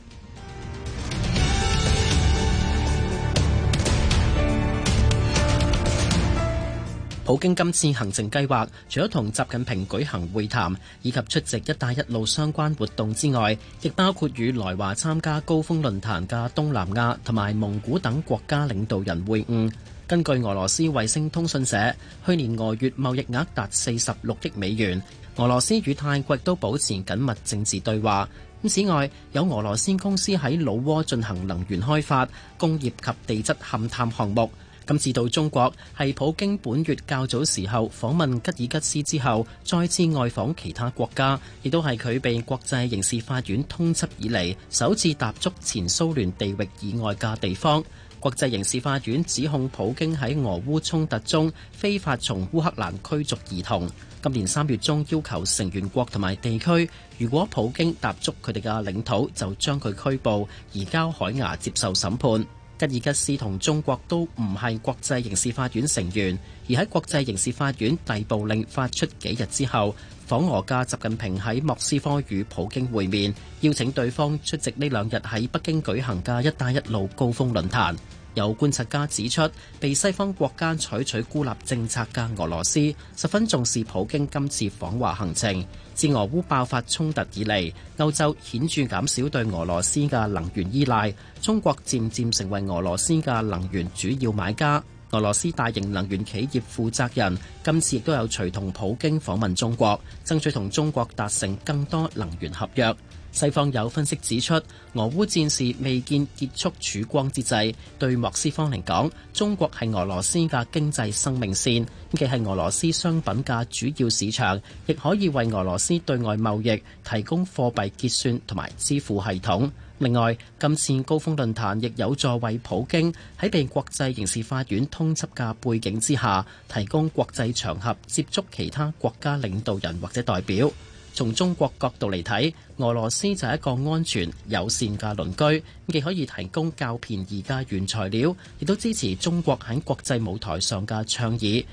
普京今次行程計劃，除咗同習近平舉行會談以及出席「一帶一路」相關活動之外，亦包括與來華參加高峰論壇嘅東南亞同埋蒙古等國家領導人會晤。根據俄羅斯衛星通訊社，去年俄越貿易額達四十六億美元。俄羅斯與泰國都保持緊密政治對話。此外，有俄羅斯公司喺老撾進行能源開發、工業及地質勘探項目。今次到中國，係普京本月較早時候訪問吉爾吉斯之後，再次外訪其他國家，亦都係佢被國際刑事法院通緝以嚟首次踏足前蘇聯地域以外嘅地方。國際刑事法院指控普京喺俄烏衝突中非法從烏克蘭驅逐兒童。今年三月中要求成員國同埋地區，如果普京踏足佢哋嘅領土，就將佢拘捕，移交海牙接受審判。吉爾吉斯同中國都唔係國際刑事法院成員，而喺國際刑事法院逮捕令發出幾日之後，訪俄嘅習近平喺莫斯科與普京會面，邀請對方出席呢兩日喺北京舉行嘅“一帶一路”高峰論壇。有觀察家指出，被西方國家採取孤立政策嘅俄羅斯十分重視普京今次訪華行程。自俄烏爆發衝突以嚟，歐洲顯著減少對俄羅斯嘅能源依賴，中國漸漸成為俄羅斯嘅能源主要買家。俄羅斯大型能源企業負責人今次亦都有隨同普京訪問中國，爭取同中國達成更多能源合約。西方有分析指出，俄烏戰事未見結束曙光之際，對莫斯科嚟講，中國係俄羅斯嘅經濟生命線，既係俄羅斯商品嘅主要市場，亦可以為俄羅斯對外貿易提供貨幣結算同埋支付系統，另外，今次高峰論壇亦有助為普京喺被國際刑事法院通緝嘅背景之下，提供國際場合接觸其他國家領導人或者代表。從中國角度嚟睇，俄羅斯就係一個安全友善嘅鄰居，既可以提供較便宜嘅原材料，亦都支持中國喺國際舞台上嘅倡議。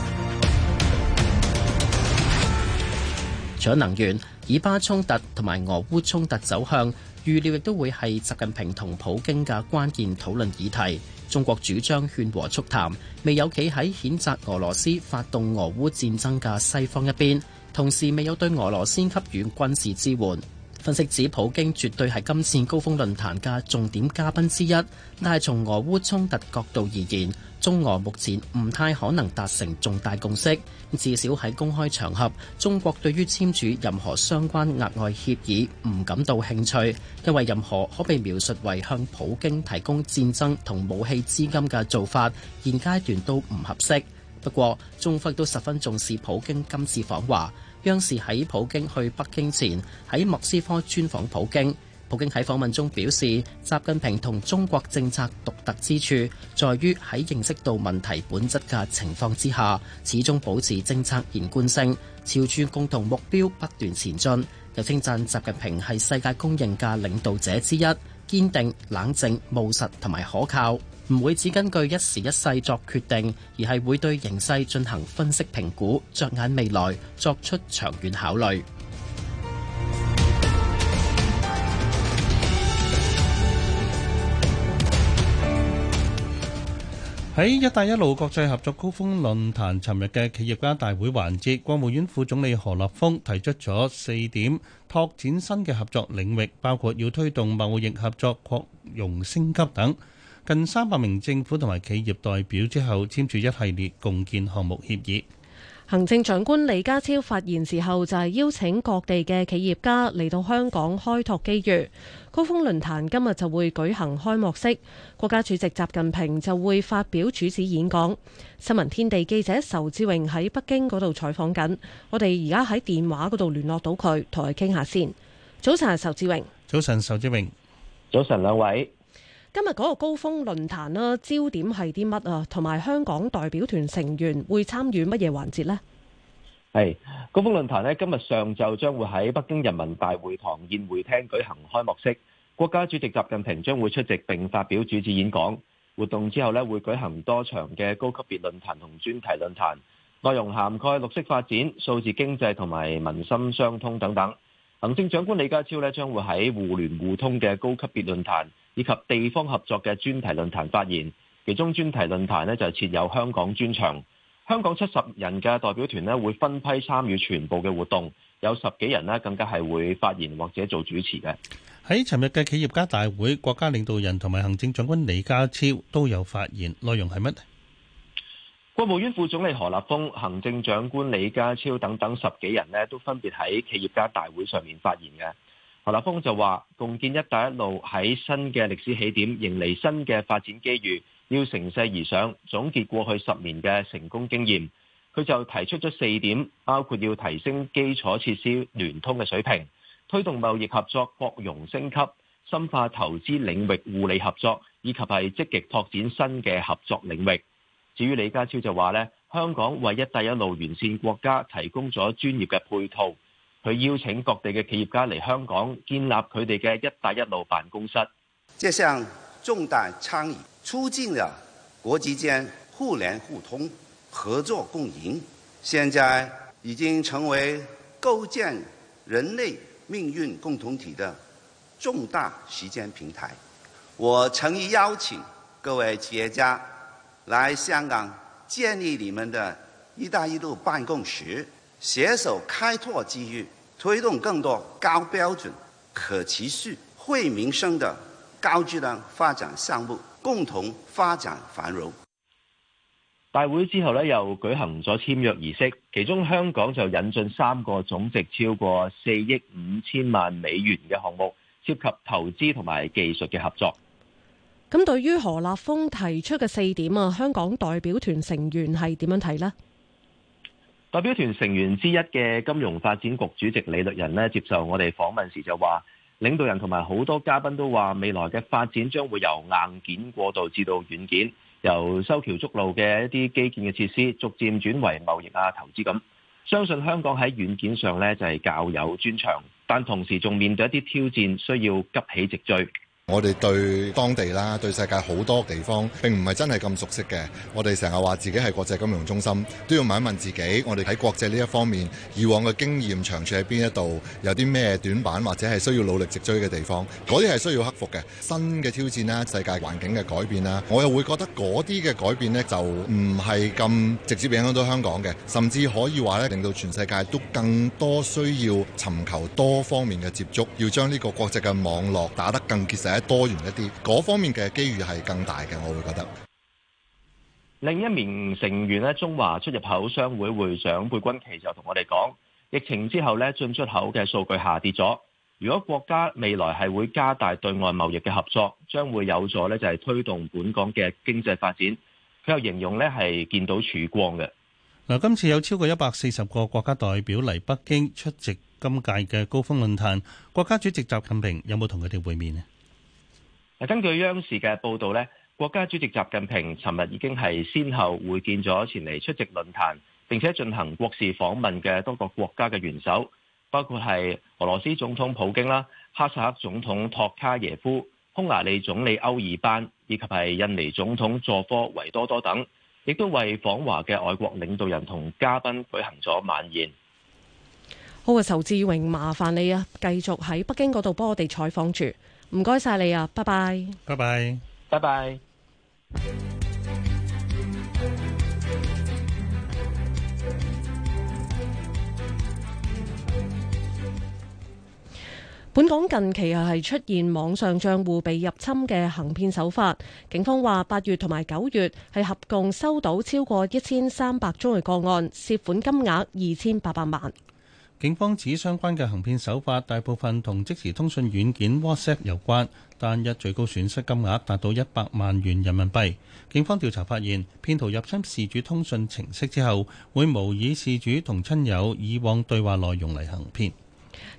除咗能源，以巴衝突同埋俄烏衝突走向預料亦都會係習近平同普京嘅關鍵討論議題。中國主張勸和促談，未有企喺譴責俄羅斯發動俄烏戰爭嘅西方一邊。同時未有對俄羅斯給予軍事支援。分析指普京絕對係今次高峰論壇嘅重點嘉賓之一，但係從俄烏衝突角度而言，中俄目前唔太可能達成重大共識。至少喺公開場合，中國對於簽署任何相關額外協議唔感到興趣，因為任何可被描述為向普京提供戰爭同武器資金嘅做法，現階段都唔合適。不過，中方都十分重視普京今次訪華。央視喺普京去北京前喺莫斯科專訪普京。普京喺訪問中表示，習近平同中國政策獨特之處，在於喺認識到問題本質嘅情況之下，始終保持政策連貫性，朝住共同目標不斷前進。又稱讚習近平係世界公認嘅領導者之一，堅定、冷靜、務實同埋可靠。唔會只根據一時一勢作決定，而係會對形勢進行分析評估，着眼未來，作出長遠考慮。喺“一帶一路”國際合作高峰論壇尋日嘅企業家大會環節，國務院副總理何立峰提出咗四點拓展新嘅合作領域，包括要推動貿易合作擴容升級等。近三百名政府同埋企業代表之後簽署一系列共建項目協議。行政長官李家超發言時候就係邀請各地嘅企業家嚟到香港開拓機遇。高峰論壇今日就會舉行開幕式，國家主席習近平就會發表主旨演講。新聞天地記者仇志榮喺北京嗰度採訪緊，我哋而家喺電話嗰度聯絡到佢，同佢傾下先。早晨，仇志榮。早晨，仇志榮。早晨，兩位。今日嗰個高峰論壇啦，焦點係啲乜啊？同埋香港代表團成員會參與乜嘢環節呢？係高峰論壇呢，今日上晝將會喺北京人民大會堂宴會廳舉行開幕式，國家主席習近平將會出席並發表主旨演講。活動之後呢，會舉行多場嘅高級別論壇同專題論壇，內容涵蓋綠色發展、數字經濟同埋民心相通等等。行政長官李家超呢，將會喺互聯互通嘅高級別論壇，以及地方合作嘅專題論壇發言，其中專題論壇呢就設有香港專場，香港七十人嘅代表團呢會分批參與全部嘅活動，有十幾人呢更加係會發言或者做主持嘅。喺尋日嘅企業家大會，國家領導人同埋行政長官李家超都有發言，內容係乜？國務院副總理何立峰、行政長官李家超等等十幾人呢都分別喺企業家大會上面發言嘅。何立峰就話，共建“一帶一路”喺新嘅歷史起點，迎嚟新嘅發展機遇，要乘勢而上，總結過去十年嘅成功經驗。佢就提出咗四點，包括要提升基礎設施聯通嘅水平，推動貿易合作擴容升級，深化投資領域互利合作，以及係積極拓展新嘅合作領域。至於李家超就話呢，香港為“一帶一路”完善國家提供咗專業嘅配套。佢邀請各地嘅企業家嚟香港建立佢哋嘅一帶一路辦公室。這項重大倡議促進了國際間互聯互通、合作共贏，現在已經成為構建人類命運共同體的重大時間平台。我誠意邀請各位企業家來香港建立你們的一帶一路辦公室。攜手開拓機遇，推動更多高標準、可持續、惠民生的高質量發展項目，共同發展繁榮。大會之後咧，又舉行咗簽約儀式，其中香港就引進三個總值超過四億五千萬美元嘅項目，涉及投資同埋技術嘅合作。咁對於何立峰提出嘅四點啊，香港代表團成員係點樣睇咧？代表團成員之一嘅金融發展局主席李律仁呢，接受我哋訪問時就話：領導人同埋好多嘉賓都話，未來嘅發展將會由硬件過渡至到軟件，由修橋築路嘅一啲基建嘅設施，逐漸轉為貿易啊、投資咁。相信香港喺軟件上呢，就係較有專長，但同時仲面對一啲挑戰，需要急起直追。我哋對當地啦，對世界好多地方，並唔係真係咁熟悉嘅。我哋成日話自己係國際金融中心，都要問一問自己，我哋喺國際呢一方面以往嘅經驗長處喺邊一度，有啲咩短板或者係需要努力直追嘅地方，嗰啲係需要克服嘅。新嘅挑戰啦，世界環境嘅改變啦，我又會覺得嗰啲嘅改變咧，就唔係咁直接影響到香港嘅，甚至可以話咧，令到全世界都更多需要尋求多方面嘅接觸，要將呢個國際嘅網絡打得更結實。多元一啲，嗰方面嘅機遇係更大嘅。我會覺得另一名成員咧，中華出入口商會會長貝君奇就同我哋講：，疫情之後咧，進出口嘅數據下跌咗。如果國家未來係會加大對外貿易嘅合作，將會有助咧就係、是、推動本港嘅經濟發展。佢又形容咧係見到曙光嘅。嗱，今次有超過一百四十個國家代表嚟北京出席今屆嘅高峰論壇，國家主席習近平有冇同佢哋會面咧？根據央視嘅報道咧，國家主席習近平尋日已經係先後會見咗前嚟出席論壇並且進行國事訪問嘅多個國家嘅元首，包括係俄羅斯總統普京啦、哈薩克總統托卡耶夫、匈牙利總理歐爾班以及係印尼總統佐科維多多等，亦都為訪華嘅外國領導人同嘉賓舉行咗晚宴。好啊，仇志榮，麻煩你啊，繼續喺北京嗰度幫我哋採訪住。唔該晒你啊，拜拜，拜拜 bye，拜拜。本港近期又係出現網上賬戶被入侵嘅行騙手法，警方話八月同埋九月係合共收到超過一千三百宗嘅個案，涉款金額二千八百萬。警方指相關嘅行騙手法大部分同即時通訊軟件 WhatsApp 有關，單日最高損失金額達到一百萬元人民幣。警方調查發現，騙徒入侵事主通訊程式之後，會模擬事主同親友以往對話內容嚟行騙。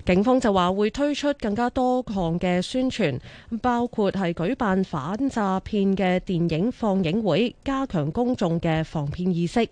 警方就話會推出更加多項嘅宣傳，包括係舉辦反詐騙嘅電影放映會，加強公眾嘅防騙意識。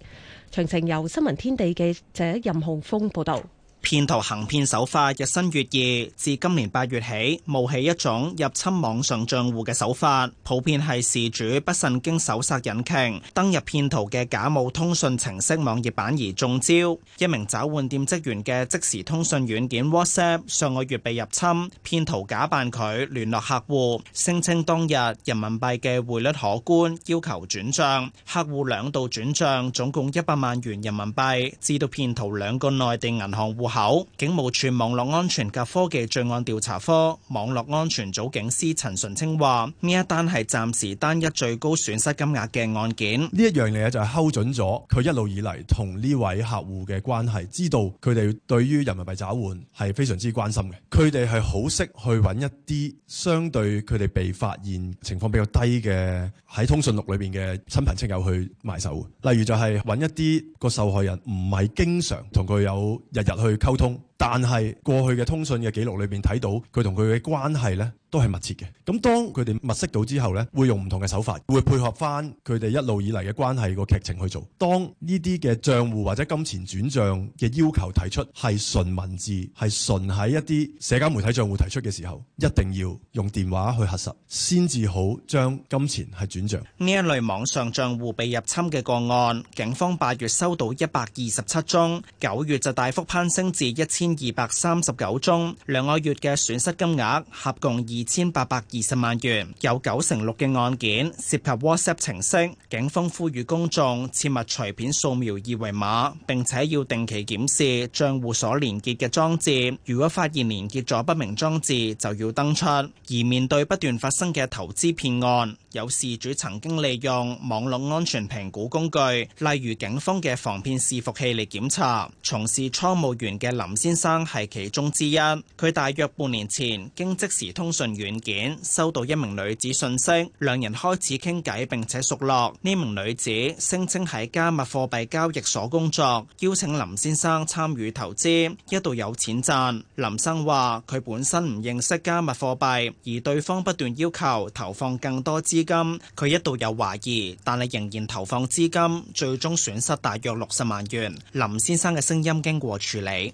詳情由新聞天地嘅記者任浩峰報道。騙徒行騙手法日新月異，自今年八月起冒起一種入侵網上賬戶嘅手法，普遍係事主不慎經搜索引擎登入騙徒嘅假冒通訊程式網頁版而中招。一名找換店職員嘅即時通訊軟件 WhatsApp 上個月被入侵，騙徒假扮佢聯絡客戶，聲稱當日人民幣嘅匯率可觀，要求轉賬。客戶兩度轉賬，總共一百萬元人民幣，至到騙徒兩個內地銀行戶。口警務處網絡安全及科技罪案調查科網絡安全組警司陳純清話：呢一單係暫時單一最高損失金額嘅案件。呢一樣嘢就係睺準咗佢一路以嚟同呢位客戶嘅關係，知道佢哋對於人民幣找換係非常之關心嘅。佢哋係好識去揾一啲相對佢哋被發現情況比較低嘅喺通訊錄裏邊嘅親朋戚友去埋手。例如就係揾一啲個受害人唔係經常同佢有日日去。溝通。但係過去嘅通訊嘅記錄裏邊睇到，佢同佢嘅關係呢都係密切嘅。咁當佢哋密識到之後呢，會用唔同嘅手法，會配合翻佢哋一路以嚟嘅關係個劇情去做。當呢啲嘅賬戶或者金錢轉賬嘅要求提出係純文字，係純喺一啲社交媒體賬戶提出嘅時候，一定要用電話去核實，先至好將金錢係轉賬。呢一類網上賬戶被入侵嘅個案，警方八月收到一百二十七宗，九月就大幅攀升至一千二百三十九宗，兩個月嘅損失金額合共二千八百二十萬元，有九成六嘅案件涉及 WhatsApp 程式。警方呼籲公眾切勿隨便掃描二維碼，並且要定期檢視賬戶所連結嘅裝置。如果發現連結咗不明裝置，就要登出。而面對不斷發生嘅投資騙案，有事主曾經利用網絡安全評估工具，例如警方嘅防騙伺服器嚟檢查。從事倉務員嘅林先生。林生係其中之一，佢大約半年前經即時通訊軟件收到一名女子信息，兩人開始傾偈並且熟絡。呢名女子聲稱喺加密貨幣交易所工作，邀請林先生參與投資，一度有錢賺。林生話佢本身唔認識加密貨幣，而對方不斷要求投放更多資金，佢一度有懷疑，但係仍然投放資金，最終損失大約六十萬元。林先生嘅聲音經過處理，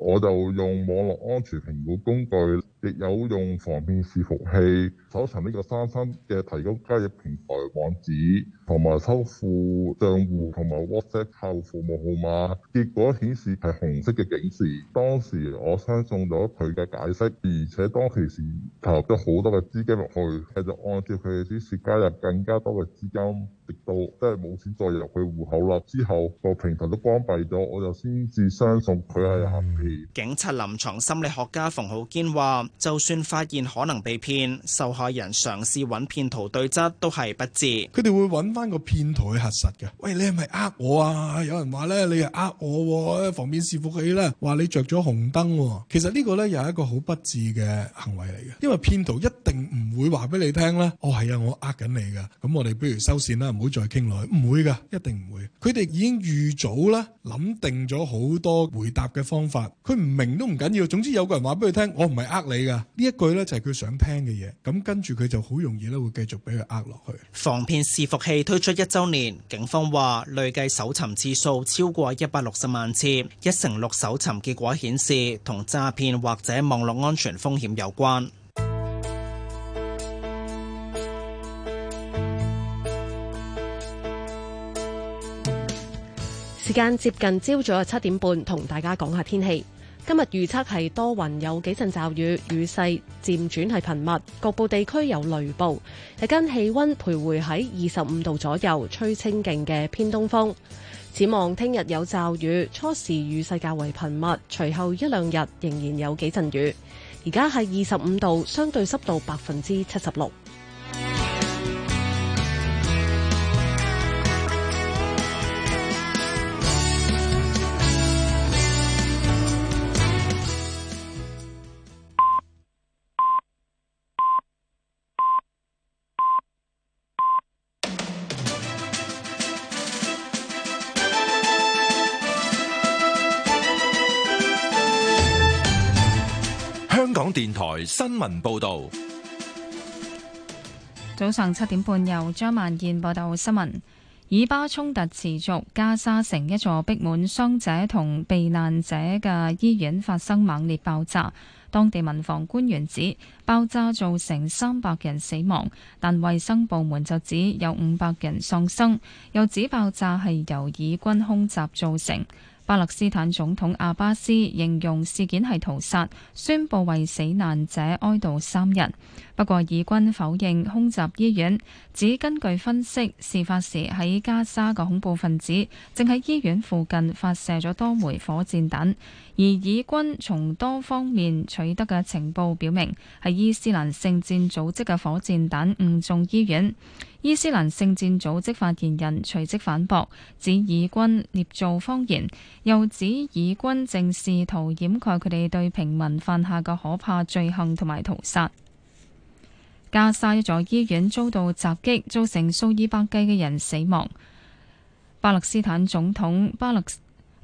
我就用網絡安全評估工具，亦有用防騙伺服器搜尋呢個三三嘅提供交易平台網址同埋收付賬戶同埋 WhatsApp 客服號碼，結果顯示係紅色嘅警示。當時我相信咗佢嘅解釋，而且當其時投入咗好多嘅資金落去，繼續按照佢嘅指示加入更加多嘅資金，直到即係冇錢再入去戶口啦。之後個平台都關閉咗，我就先至相信佢係陷阱。警察臨牀心理學家馮浩堅話：就算發現可能被騙，受害人嘗試揾騙徒對質都係不智。佢哋會揾翻個騙徒去核實嘅。喂，你係咪呃我啊？有人話咧，你係呃我喎，防騙視伺器啦，話你着咗紅燈喎。其實個呢個咧又係一個好不智嘅行為嚟嘅，因為騙徒一定唔會話俾你聽咧。哦，係啊，我呃緊你噶。咁我哋不如收線啦，唔好再傾落去唔會噶，一定唔會。佢哋已經預早啦，諗定咗好多回答嘅方法。佢唔明都唔緊要，總之有個人話俾佢聽，我唔係呃你㗎。呢一句呢，就係佢想聽嘅嘢，咁跟住佢就好容易咧會繼續俾佢呃落去。防騙伺服器推出一週年，警方話累計搜尋次數超過一百六十萬次，一成六搜尋結果顯示同詐騙或者網絡安全風險有關。時間接近朝早嘅七點半，同大家講下天氣。今日預測係多雲，有幾陣驟雨，雨勢漸轉係頻密，局部地區有雷暴。日間氣溫徘徊喺二十五度左右，吹清勁嘅偏東風。展望聽日有驟雨，初時雨勢較為頻密，隨後一兩日仍然有幾陣雨。而家係二十五度，相對濕度百分之七十六。新聞報道，早上七點半由張萬燕報道新聞。以巴衝突持續，加沙城一座逼滿傷者同避難者嘅醫院發生猛烈爆炸。當地民防官員指爆炸造成三百人死亡，但衛生部門就指有五百人喪生，又指爆炸係由以軍空襲造成。巴勒斯坦總統阿巴斯形容事件係屠殺，宣布為死難者哀悼三日。不過以軍否認空襲醫院，只根據分析，事發時喺加沙嘅恐怖分子正喺醫院附近發射咗多枚火箭彈，而以軍從多方面取得嘅情報表明，係伊斯蘭聖戰組織嘅火箭彈誤中醫院。伊斯蘭聖戰組織發言人隨即反駁，指以軍捏造謊言，又指以軍正試圖掩蓋佢哋對平民犯下嘅可怕罪行同埋屠殺。加沙一座醫院遭到襲擊，造成數以百計嘅人死亡。巴勒斯坦總統巴勒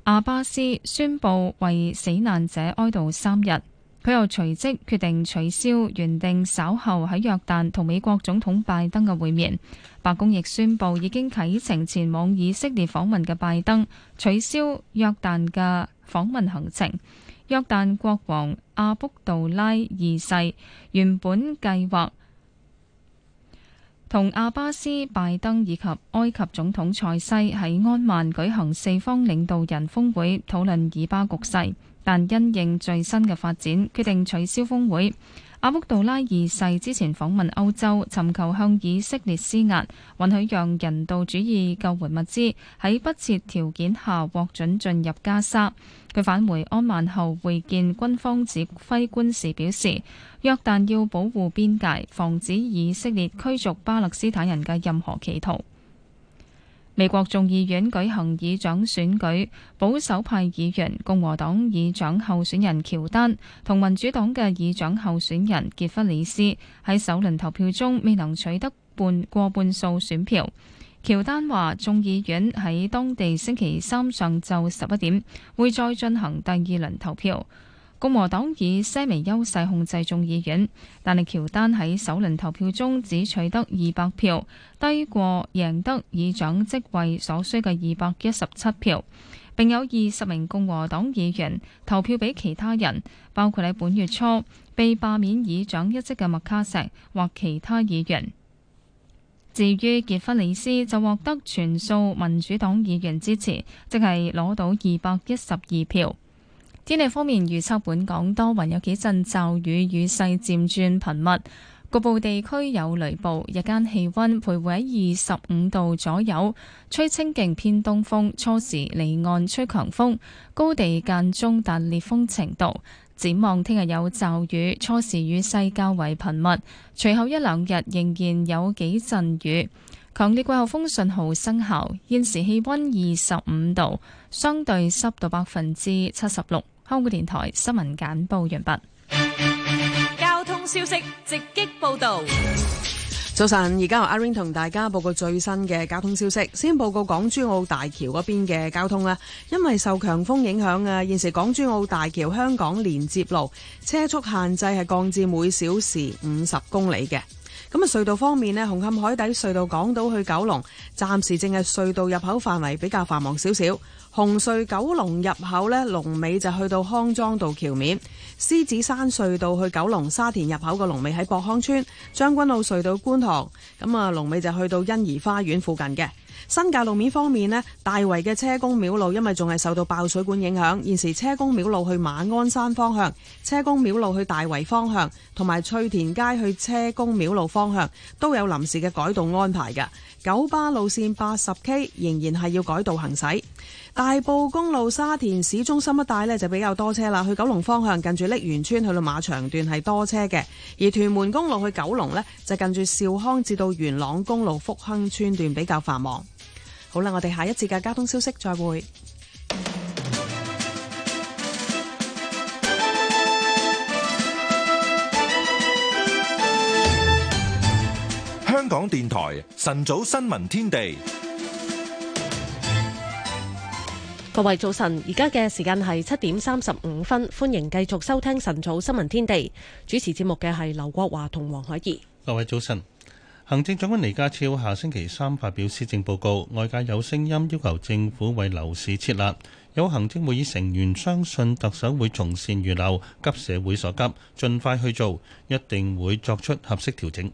阿巴斯宣布為死難者哀悼三日。佢又隨即決定取消原定稍後喺約旦同美國總統拜登嘅會面。白宮亦宣佈已經啟程前往以色列訪問嘅拜登取消約旦嘅訪問行程。約旦國王阿卜杜拉二世原本計劃同阿巴斯、拜登以及埃及總統塞西喺安曼舉行四方領導人峰會，討論以巴局勢。但因應最新嘅發展，決定取消峰會，阿卜杜拉二世之前訪問歐洲，尋求向以色列施壓，允許讓人道主義救援物資喺不設條件下獲准進入加沙。佢返回安曼後會見軍方指揮官時表示，約旦要保護邊界，防止以色列驅逐巴勒斯坦人嘅任何企圖。美國眾議院舉行議長選舉，保守派議員共和黨議長候選人喬丹同民主黨嘅議長候選人傑弗里斯喺首輪投票中未能取得半過半數選票。喬丹話，眾議院喺當地星期三上晝十一點會再進行第二輪投票。共和黨以些微優勢控制眾議院，但係喬丹喺首輪投票中只取得二百票，低過贏得議長職位所需嘅二百一十七票。並有二十名共和黨議員投票俾其他人，包括喺本月初被罷免議長一職嘅麥卡錫或其他議員。至於傑弗里斯就獲得全數民主黨議員支持，即係攞到二百一十二票。天氣方面，預測本港多雲，有幾陣驟雨，雨勢漸轉頻密，局部地區有雷暴。日間氣溫徘徊喺二十五度左右，吹清勁偏東風，初時離岸吹強風，高地間中達烈風程度。展望聽日有驟雨，初時雨勢較為頻密，隨後一兩日仍然有幾陣雨。強烈季候風信號生效，現時氣溫二十五度，相對濕度百分之七十六。香港電台新聞簡報完畢。交通消息直擊報道。早晨，而家由阿 Ring 同大家報告最新嘅交通消息。先報告港珠澳大橋嗰邊嘅交通啦。因為受強風影響啊，現時港珠澳大橋香港連接路車速限制係降至每小時五十公里嘅。咁啊，隧道方面呢，紅磡海底隧道港島去九龍，暫時淨係隧道入口範圍比較繁忙少少。洪紅隧九龍入口咧，龍尾就去到康莊道橋面；獅子山隧道去九龍沙田入口個龍尾喺博康村，將軍澳隧道觀塘，咁啊，龍尾就去到欣怡花園附近嘅。新界路面方面呢，大圍嘅車公廟路因為仲係受到爆水管影響，現時車公廟路去馬鞍山方向、車公廟路去大圍方向，同埋翠田街去車公廟路方向都有臨時嘅改道安排嘅。九巴路線八十 K 仍然係要改道行駛。大埔公路沙田市中心一帶咧，就比較多車啦，去九龍方向近住瀝源村去到馬場段係多車嘅，而屯門公路去九龍咧，就近住兆康至到元朗公路福亨村段比較繁忙。好啦，我哋下一節嘅交通消息再會。香港電台晨早新聞天地。各位早晨，而家嘅時間係七點三十五分，歡迎繼續收聽晨早新聞天地。主持節目嘅係劉國華同黃海怡。各位早晨，行政長官李家超下星期三發表施政報告，外界有聲音要求政府為樓市設立，有行政會議成員相信特首會從善如流，急社會所急，盡快去做，一定會作出合適調整。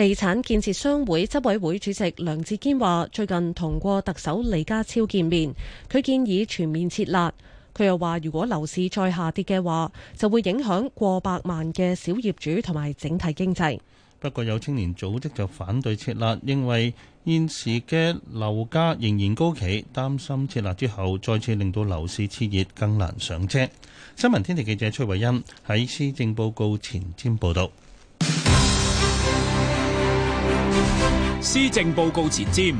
地產建設商會執委會主席梁志堅話，最近同過特首李家超見面，佢建議全面撤辣。佢又話，如果樓市再下跌嘅話就會影響過百萬嘅小業主同埋整體經濟。不過有青年組織就反對撤辣，認為現時嘅樓價仍然高企，擔心撤辣之後再次令到樓市熾熱，更難上車。新聞天地記者崔慧欣喺施政報告前瞻報道。施政報告前瞻，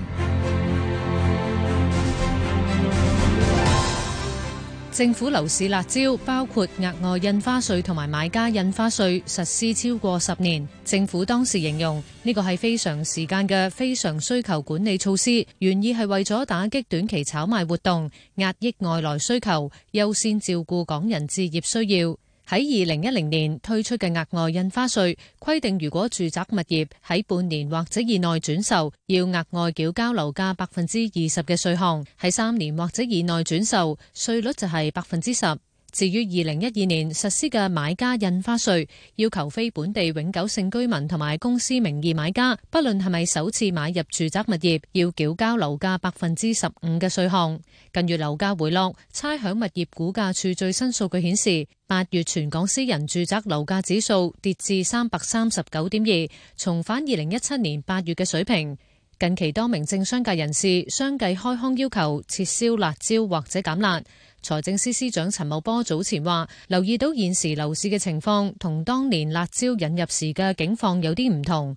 政府樓市辣招包括額外印花稅同埋買家印花稅實施超過十年。政府當時形容呢個係非常時間嘅非常需求管理措施，原意係為咗打擊短期炒賣活動，壓抑外來需求，優先照顧港人置業需要。喺二零一零年推出嘅額外印花稅規定，如果住宅物業喺半年或者以內轉售，要額外繳交樓價百分之二十嘅稅項；喺三年或者以內轉售，稅率就係百分之十。至於二零一二年實施嘅買家印花稅，要求非本地永久性居民同埋公司名義買家，不論係咪首次買入住宅物業，要繳交樓價百分之十五嘅稅項。近月樓價回落，差餉物業估價署最新數據顯示，八月全港私人住宅樓價指數跌至三百三十九點二，重返二零一七年八月嘅水平。近期多名政商界人士相繼開腔，要求撤銷辣招或者減辣。財政司司長陳茂波早前話：留意到現時樓市嘅情況同當年辣招引入時嘅境況有啲唔同。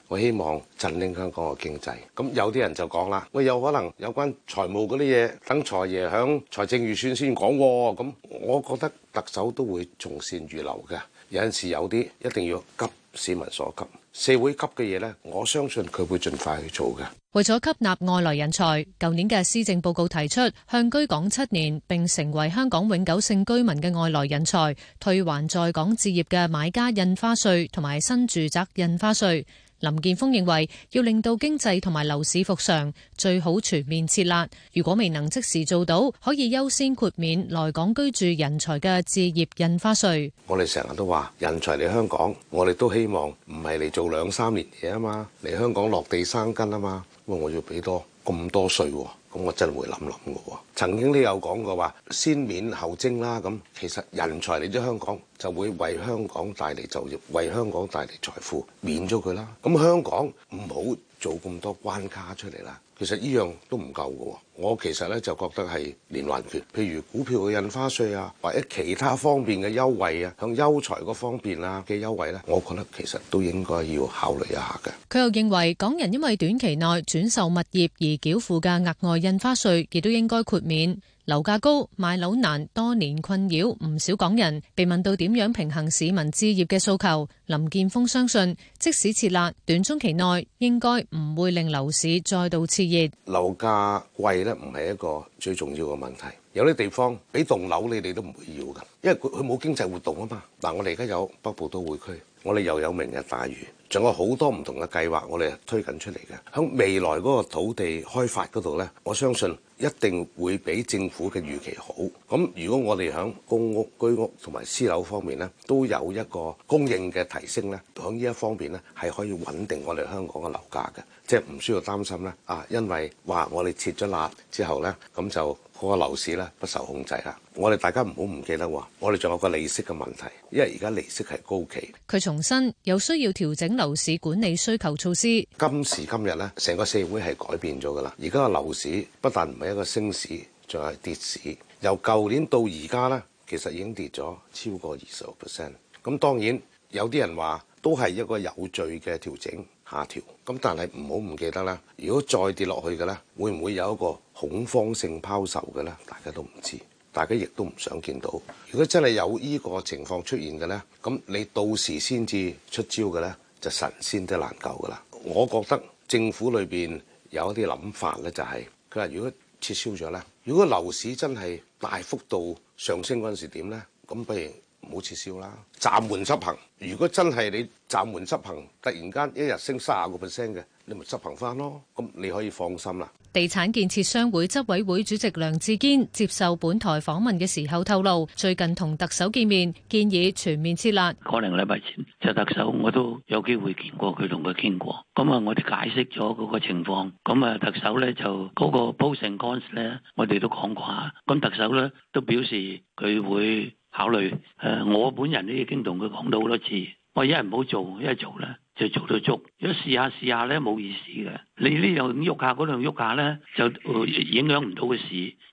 我希望振領香港嘅經濟。咁有啲人就講啦，喂，有可能有關財務嗰啲嘢，等財爺響財政預算先講。咁我覺得特首都會從善如流嘅。有陣時有啲一定要急市民所急，社會急嘅嘢呢，我相信佢會盡快去做嘅。為咗吸納外來人才，舊年嘅施政報告提出，向居港七年並成為香港永久性居民嘅外來人才退還在港置業嘅買家印花稅同埋新住宅印花稅。林健鋒認為，要令到經濟同埋樓市復常，最好全面撤辣。如果未能即時做到，可以優先豁免來港居住人才嘅置業印花稅。我哋成日都話，人才嚟香港，我哋都希望唔係嚟做兩三年嘢啊嘛，嚟香港落地生根啊嘛。咁，我要俾多咁多稅喎，啊。咁我真係會諗諗嘅喎。曾經都有講過話先免後徵啦，咁其實人才嚟咗香港就會為香港帶嚟就業，為香港帶嚟財富，免咗佢啦。咁香港唔好做咁多關卡出嚟啦。其實呢樣都唔夠嘅喎，我其實咧就覺得係連環拳，譬如股票嘅印花稅啊，或者其他方面嘅優惠啊，向優才嗰方面優啊嘅優惠咧，我覺得其實都應該要考慮一下嘅。佢又認為港人因為短期內轉售物業而繳付嘅額外印花稅，亦都應該豁免。樓價高，買樓難，多年困擾唔少港人。被問到點樣平衡市民置業嘅訴求，林健鋒相信，即使撤辣，短中期內應該唔會令樓市再度熾熱。樓價貴咧，唔係一個最重要嘅問題。有啲地方俾棟樓你哋都唔會要噶，因為佢佢冇經濟活動啊嘛。嗱，我哋而家有北部都會區。我哋又有明日大嶼，仲有好多唔同嘅計劃，我，我哋推緊出嚟嘅。喺未來嗰個土地開發嗰度呢，我相信一定會比政府嘅預期好。咁如果我哋喺公屋、居屋同埋私樓方面呢，都有一個供應嘅提升呢，喺呢一方面呢，係可以穩定我哋香港嘅樓價嘅，即係唔需要擔心咧啊，因為話我哋撤咗辣之後呢，咁就。個樓市咧不受控制啦，我哋大家唔好唔記得喎，我哋仲有個利息嘅問題，因為而家利息係高企。佢重申有需要調整樓市管理需求措施。今時今日咧，成個社會係改變咗噶啦，而家個樓市不但唔係一個升市，仲係跌市。由舊年到而家咧，其實已經跌咗超過二十個 percent。咁當然有啲人話都係一個有序嘅調整。下調，咁但係唔好唔記得啦。如果再跌落去嘅呢，會唔會有一個恐慌性拋售嘅呢？大家都唔知，大家亦都唔想見到。如果真係有呢個情況出現嘅呢，咁你到時先至出招嘅呢，就神仙都難救噶啦。我覺得政府裏邊有一啲諗法呢、就係，就係佢話：如果撤銷咗呢，如果樓市真係大幅度上升嗰陣時點呢，咁不如，唔好撤銷啦，暫緩執行。如果真係你暫緩執行，突然間一日升三十個 percent 嘅，你咪執行翻咯。咁你可以放心啦。地產建設商會執委會主席梁志堅接受本台訪問嘅時候透露，最近同特首見面，建議全面撤辣。個零禮拜前就特首，我都有機會見過佢，同佢傾過。咁啊，我哋解釋咗嗰個情況。咁啊，特首咧就嗰個 pros and cons 咧，我哋都講過下。咁特首咧都表示佢會。考慮誒、呃，我本人呢已經同佢講到好多次，我一係唔好做，一係做咧就做到足。如果試下試下咧，冇意思嘅。你呢樣喐下嗰度喐下咧，就影響唔到個市。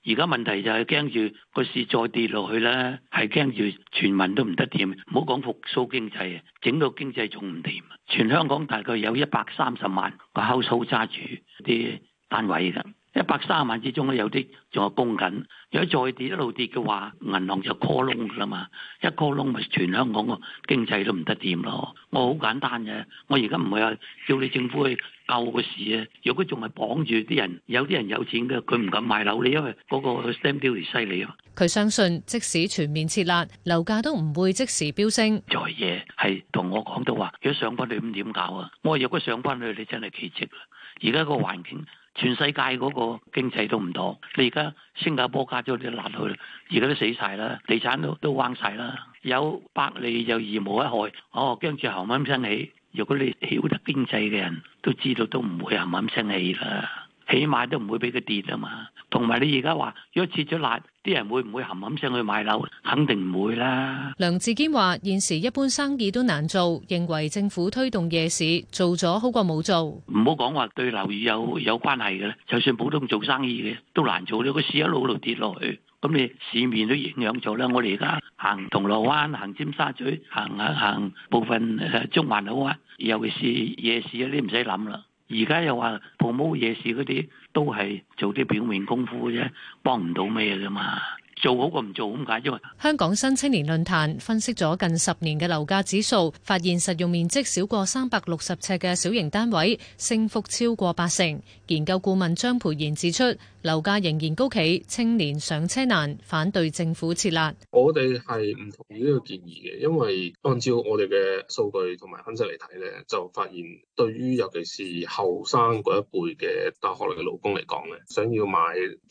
而家問題就係驚住個市再跌落去咧，係驚住全民都唔得掂。唔好講復甦經濟，整個經濟仲唔掂？全香港大概有一百三十萬個烤蘇揸住啲單位啦。一百三十萬之中咧，有啲仲係供緊。如果再跌一路跌嘅話，銀行就 call loan 㗎啦嘛，一 call loan 咪全香港個經濟都唔得掂咯。我好簡單嘅，我而家唔會話叫你政府去救個市。啊。如果仲係綁住啲人，有啲人有錢嘅，佢唔敢買樓你因為嗰個 stamp duty 嚟犀利啊。佢相信即使全面撤辣樓價都唔會即時飆升，在嘢係同我講到話，如果上翻去咁點搞啊？我話如果上翻去，你真係奇蹟啦。而家個環境。全世界嗰個經濟都唔妥。你而家新加坡加咗啲辣去，而家都死晒啦，地產都都崩曬啦，有百利而無一害。哦，驚住後晚升起，如果你曉得經濟嘅人都知道都，都唔會後晚升起啦。起碼都唔會俾佢跌啊嘛，同埋你而家話，如果切咗辣，啲人會唔會冚冚聲去買樓？肯定唔會啦。梁志堅話：現時一般生意都難做，認為政府推動夜市做咗好過冇做。唔好講話對樓宇有有關係嘅咧，就算普通做生意嘅都難做。如果市一路路跌落去，咁你市面都影響咗啦。我哋而家行銅鑼灣、行尖沙咀、行行行部分、啊、中環好啊，尤其是夜市嗰啲唔使諗啦。而家又話抱貓夜市嗰啲都係做啲表面功夫啫，幫唔到咩噶嘛，做好過唔做咁解，因為香港新青年論壇分析咗近十年嘅樓價指數，發現實用面積少過三百六十尺嘅小型單位，升幅超過八成。研究顧問張培賢指出，樓價仍然高企，青年上車難，反對政府設立。我哋係唔同意呢個建議嘅，因為按照我哋嘅數據同埋分析嚟睇咧，就發現對於尤其是後生嗰一輩嘅大學嚟嘅老公嚟講咧，想要買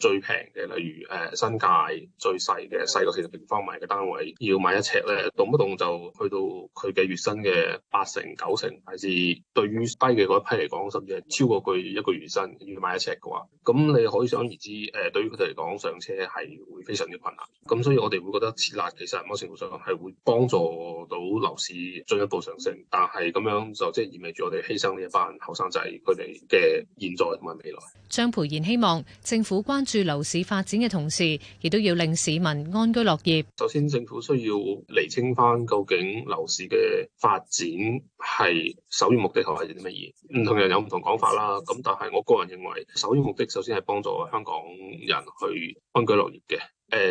最平嘅，例如誒新界最細嘅細過四十平方米嘅單位，要買一尺咧，動不動就去到佢嘅月薪嘅八成九成，甚至對於低嘅嗰一批嚟講，甚至係超過佢一個月薪。要買一尺嘅話，咁你可想而知，誒對於佢哋嚟講上車係會非常之困難。咁所以我哋會覺得設立其實某程度上係會幫助到樓市進一步上升，但係咁樣就即係意味住我哋犧牲呢一班後生仔佢哋嘅現在同埋未來。張培賢希望政府關注樓市發展嘅同時，亦都要令市民安居樂業。首先政府需要釐清翻究竟樓市嘅發展係首要目的係係啲乜嘢，唔同人有唔同講法啦。咁但係我覺認為首要目的首先係幫助香港人去安居樂業嘅，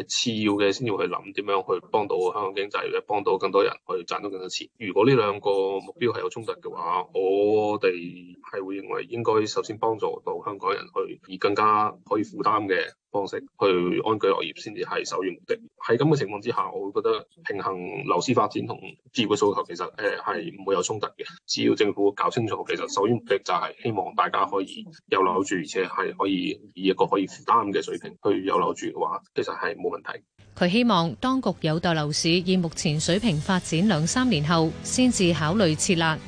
次要嘅先要去諗點樣去幫到香港經濟，幫到更多人去賺到更多錢。如果呢兩個目標係有衝突嘅話，我哋係會認為應該首先幫助到香港人去，而更加可以負擔嘅方式去安居樂業，先至係首要目的。喺咁嘅情況之下，我會覺得平衡樓市發展同置業嘅訴求，其實誒係唔會有衝突嘅。只要政府搞清楚，其實首要目的就係希望大家可以有樓住，而且係可以以一個可以負擔嘅水平去有樓住嘅話，其實係冇問題。佢希望當局有待樓市以目前水平發展兩三年後，先至考慮設立。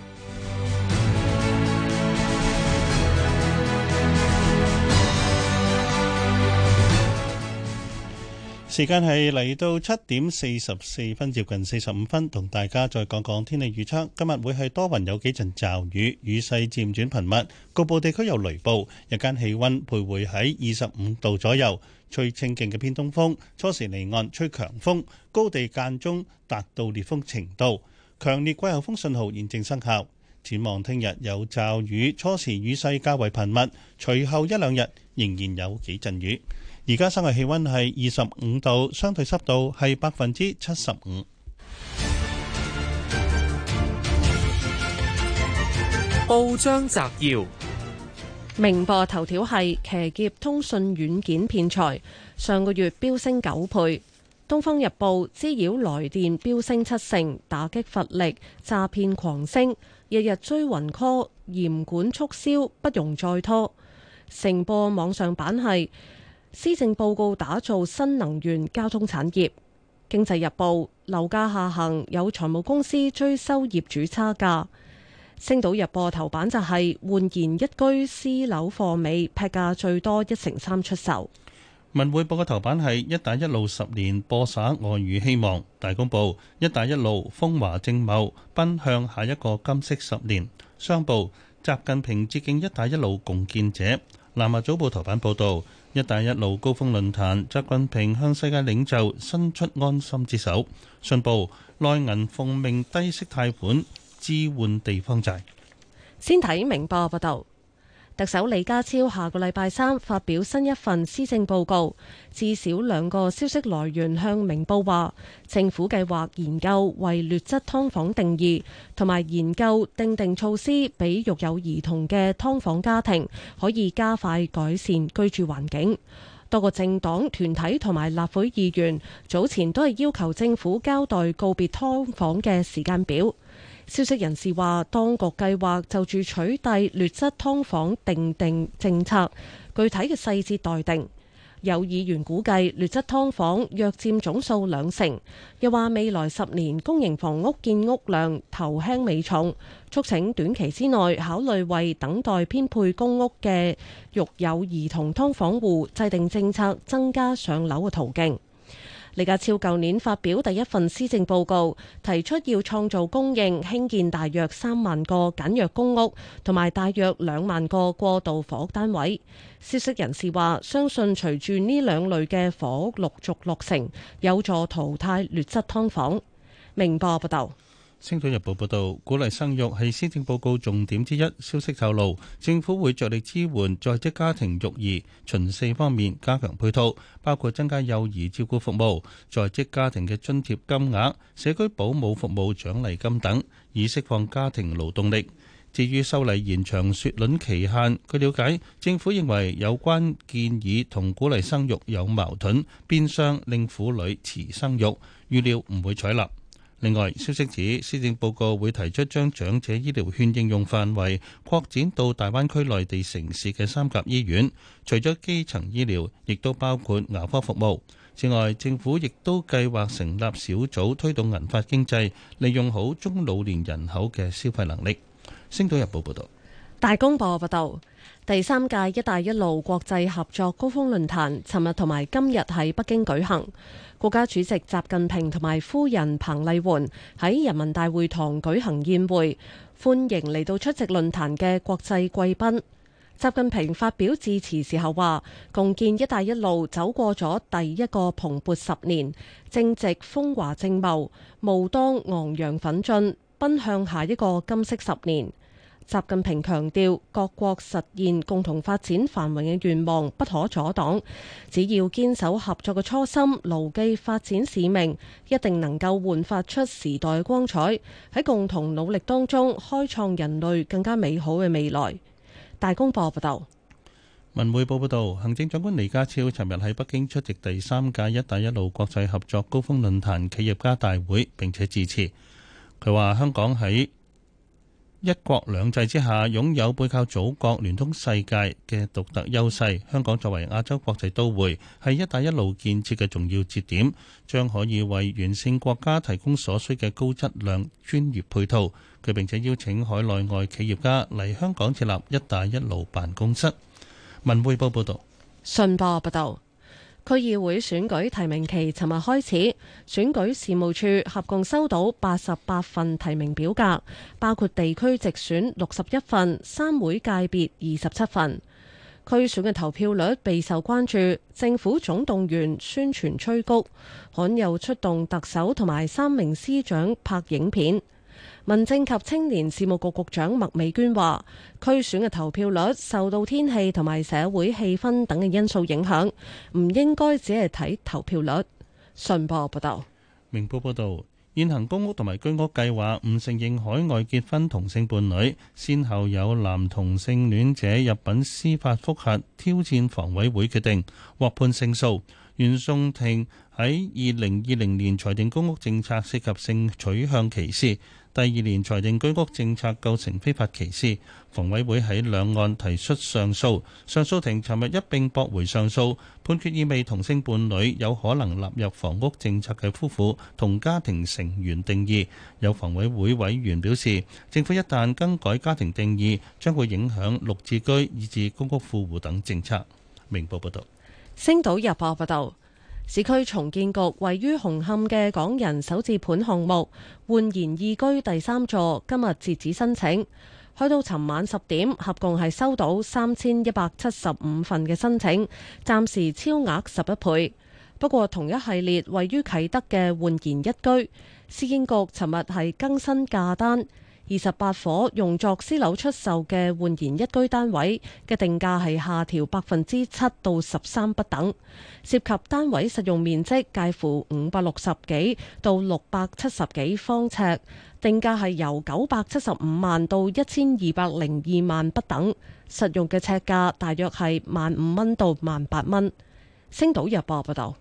時間係嚟到七點四十四分，接近四十五分，同大家再講講天氣預測。今日會係多雲，有幾陣驟雨，雨勢漸轉頻密，局部地區有雷暴。日間氣溫徘徊喺二十五度左右，吹清勁嘅偏東風，初時離岸吹強風，高地間中達到烈風程度，強烈季候風信號現正生效。展望聽日有驟雨，初時雨勢較為頻密，隨後一兩日仍然有幾陣雨。而家室外氣溫係二十五度，相對濕度係百分之七十五。報章摘要：明報頭條係騎劫通訊軟件騙財，上個月飆升九倍。《東方日報》滋擾來電飆升七成，打擊乏力，詐騙狂升，日日追魂 call，嚴管促銷，不容再拖。成報網上版係。施政報告打造新能源交通產業。經濟日報樓價下行，有財務公司追收業主差價。星島日報頭版就係、是、煥然一居私樓貨尾劈價最多一成三出售。文匯報嘅頭版係“一帶一路十年播撒愛與希望”。大公報“一帶一路風華正茂，奔向下一個金色十年”。商報習近平致敬“一帶一路”共建者。南華早報頭版報道。“一帶一路”高峰論壇，習近平向世界領袖伸出安心之手。信報內銀奉命低息貸款置換地方債。先睇明報報道。特首李家超下個禮拜三發表新一份施政報告，至少兩個消息來源向明報話，政府計劃研究為劣質劏房定義，同埋研究定定措施，俾育有兒童嘅劏房家庭可以加快改善居住環境。多個政黨團體同埋立會議員早前都係要求政府交代告別劏房嘅時間表。消息人士話，當局計劃就住取締劣質劏房訂定政策，具體嘅細節待定。有議員估計劣質劏房約佔總數兩成，又話未來十年公營房屋建屋量頭輕尾重，促請短期之內考慮為等待編配公屋嘅育有兒童劏房戶制定政策，增加上樓嘅途徑。李家超舊年發表第一份施政報告，提出要創造供應，興建大約三萬個簡約公屋，同埋大約兩萬個過渡房屋單位。消息人士話，相信隨住呢兩類嘅房屋陸續落成，有助淘汰劣質劏房。明報報道。《星島日報》報道，鼓勵生育係施政報告重點之一。消息透露，政府會着力支援在職家庭育兒，循四方面加強配套，包括增加幼兒照顧服務、在職家庭嘅津貼金額、社區保姆服務獎勵金等，以釋放家庭勞動力。至於修例延長雪卵期限，據了解，政府認為有關建議同鼓勵生育有矛盾，變相令婦女遲生育，預料唔會採納。另外，消息指施政報告會提出將長者醫療券應用範圍擴展到大灣區內地城市嘅三甲醫院，除咗基層醫療亦都包括牙科服務，此外，政府亦都計劃成立小組推動銀髮經濟，利用好中老年人口嘅消費能力。星島日報報道，大公報報道，第三屆「一帶一路」國際合作高峰論壇尋日同埋今日喺北京舉行。國家主席習近平同埋夫人彭麗媛喺人民大會堂舉行宴會，歡迎嚟到出席論壇嘅國際貴賓。習近平發表致辭時候話：共建「一帶一路」走過咗第一個蓬勃十年，正值風華正茂，無當昂揚奮進，奔向下一個金色十年。習近平強調，各國實現共同發展繁榮嘅願望不可阻擋。只要堅守合作嘅初心，牢記發展使命，一定能夠煥發出時代光彩。喺共同努力當中，開創人類更加美好嘅未來。大公報報道，文匯報報道，行政長官李家超尋日喺北京出席第三屆“一帶一路”國際合作高峰論壇企業家大會，並且致辭。佢話：香港喺一國兩制之下，擁有背靠祖國、聯通世界嘅獨特優勢。香港作為亞洲國際都會，係一帶一路建設嘅重要節點，將可以為沿線國家提供所需嘅高質量專業配套。佢並且邀請海內外企業家嚟香港設立一帶一路辦公室。文匯報報道，信報報道。區議會選舉提名期尋日開始，選舉事務處合共收到八十八份提名表格，包括地區直選六十一份，三會界別二十七份。區選嘅投票率備受關注，政府總動員宣傳催谷，罕有出動特首同埋三名司長拍影片。民政及青年事務局局長麥美娟話：區選嘅投票率受到天氣同埋社會氣氛等嘅因素影響，唔應該只係睇投票率。信報報道，明報報道現行公屋同埋居屋計劃唔承認海外結婚同性伴侶。先後有男同性戀者入稟司法覆核，挑戰房委會決定，獲判勝訴。原訟庭喺二零二零年裁定公屋政策涉及性取向歧視。第二年裁定居屋政策構成非法歧視，房委會喺兩案提出上訴，上訴庭尋日一並駁回上訴，判決意味同性伴侶有可能納入房屋政策嘅夫婦同家庭成員定義。有房委會委員表示，政府一旦更改家庭定義，將會影響綠置居以至公屋富戶等政策。明報報導，星島日報報導。市區重建局位於紅磡嘅港人首置盤項目煥然懿居第三座今日截止申請，去到尋晚十點，合共係收到三千一百七十五份嘅申請，暫時超額十一倍。不過同一系列位於啟德嘅煥然壹居，市建局尋日係更新價單。二十八伙用作私樓出售嘅煥然一居單位嘅定價係下調百分之七到十三不等，涉及單位實用面積介乎五百六十幾到六百七十幾方尺，定價係由九百七十五萬到一千二百零二萬不等，實用嘅尺價大約係萬五蚊到萬八蚊。星島日報報道，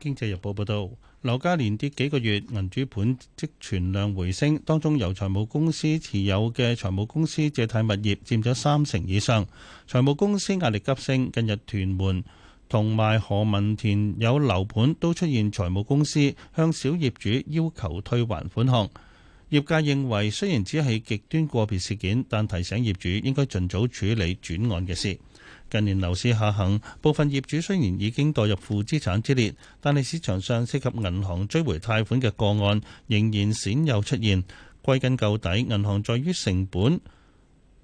經濟日報報道。樓價連跌幾個月，銀主盤積存量回升，當中由財務公司持有嘅財務公司借貸物業佔咗三成以上，財務公司壓力急升。近日屯門同埋何文田有樓盤都出現財務公司向小業主要求退還款項，業界認為雖然只係極端個別事件，但提醒業主應該盡早處理轉按嘅事。近年樓市下行，部分業主雖然已經墮入負資產之列，但係市場上涉及銀行追回貸款嘅個案仍然鮮有出現。歸根究底，銀行在於成本、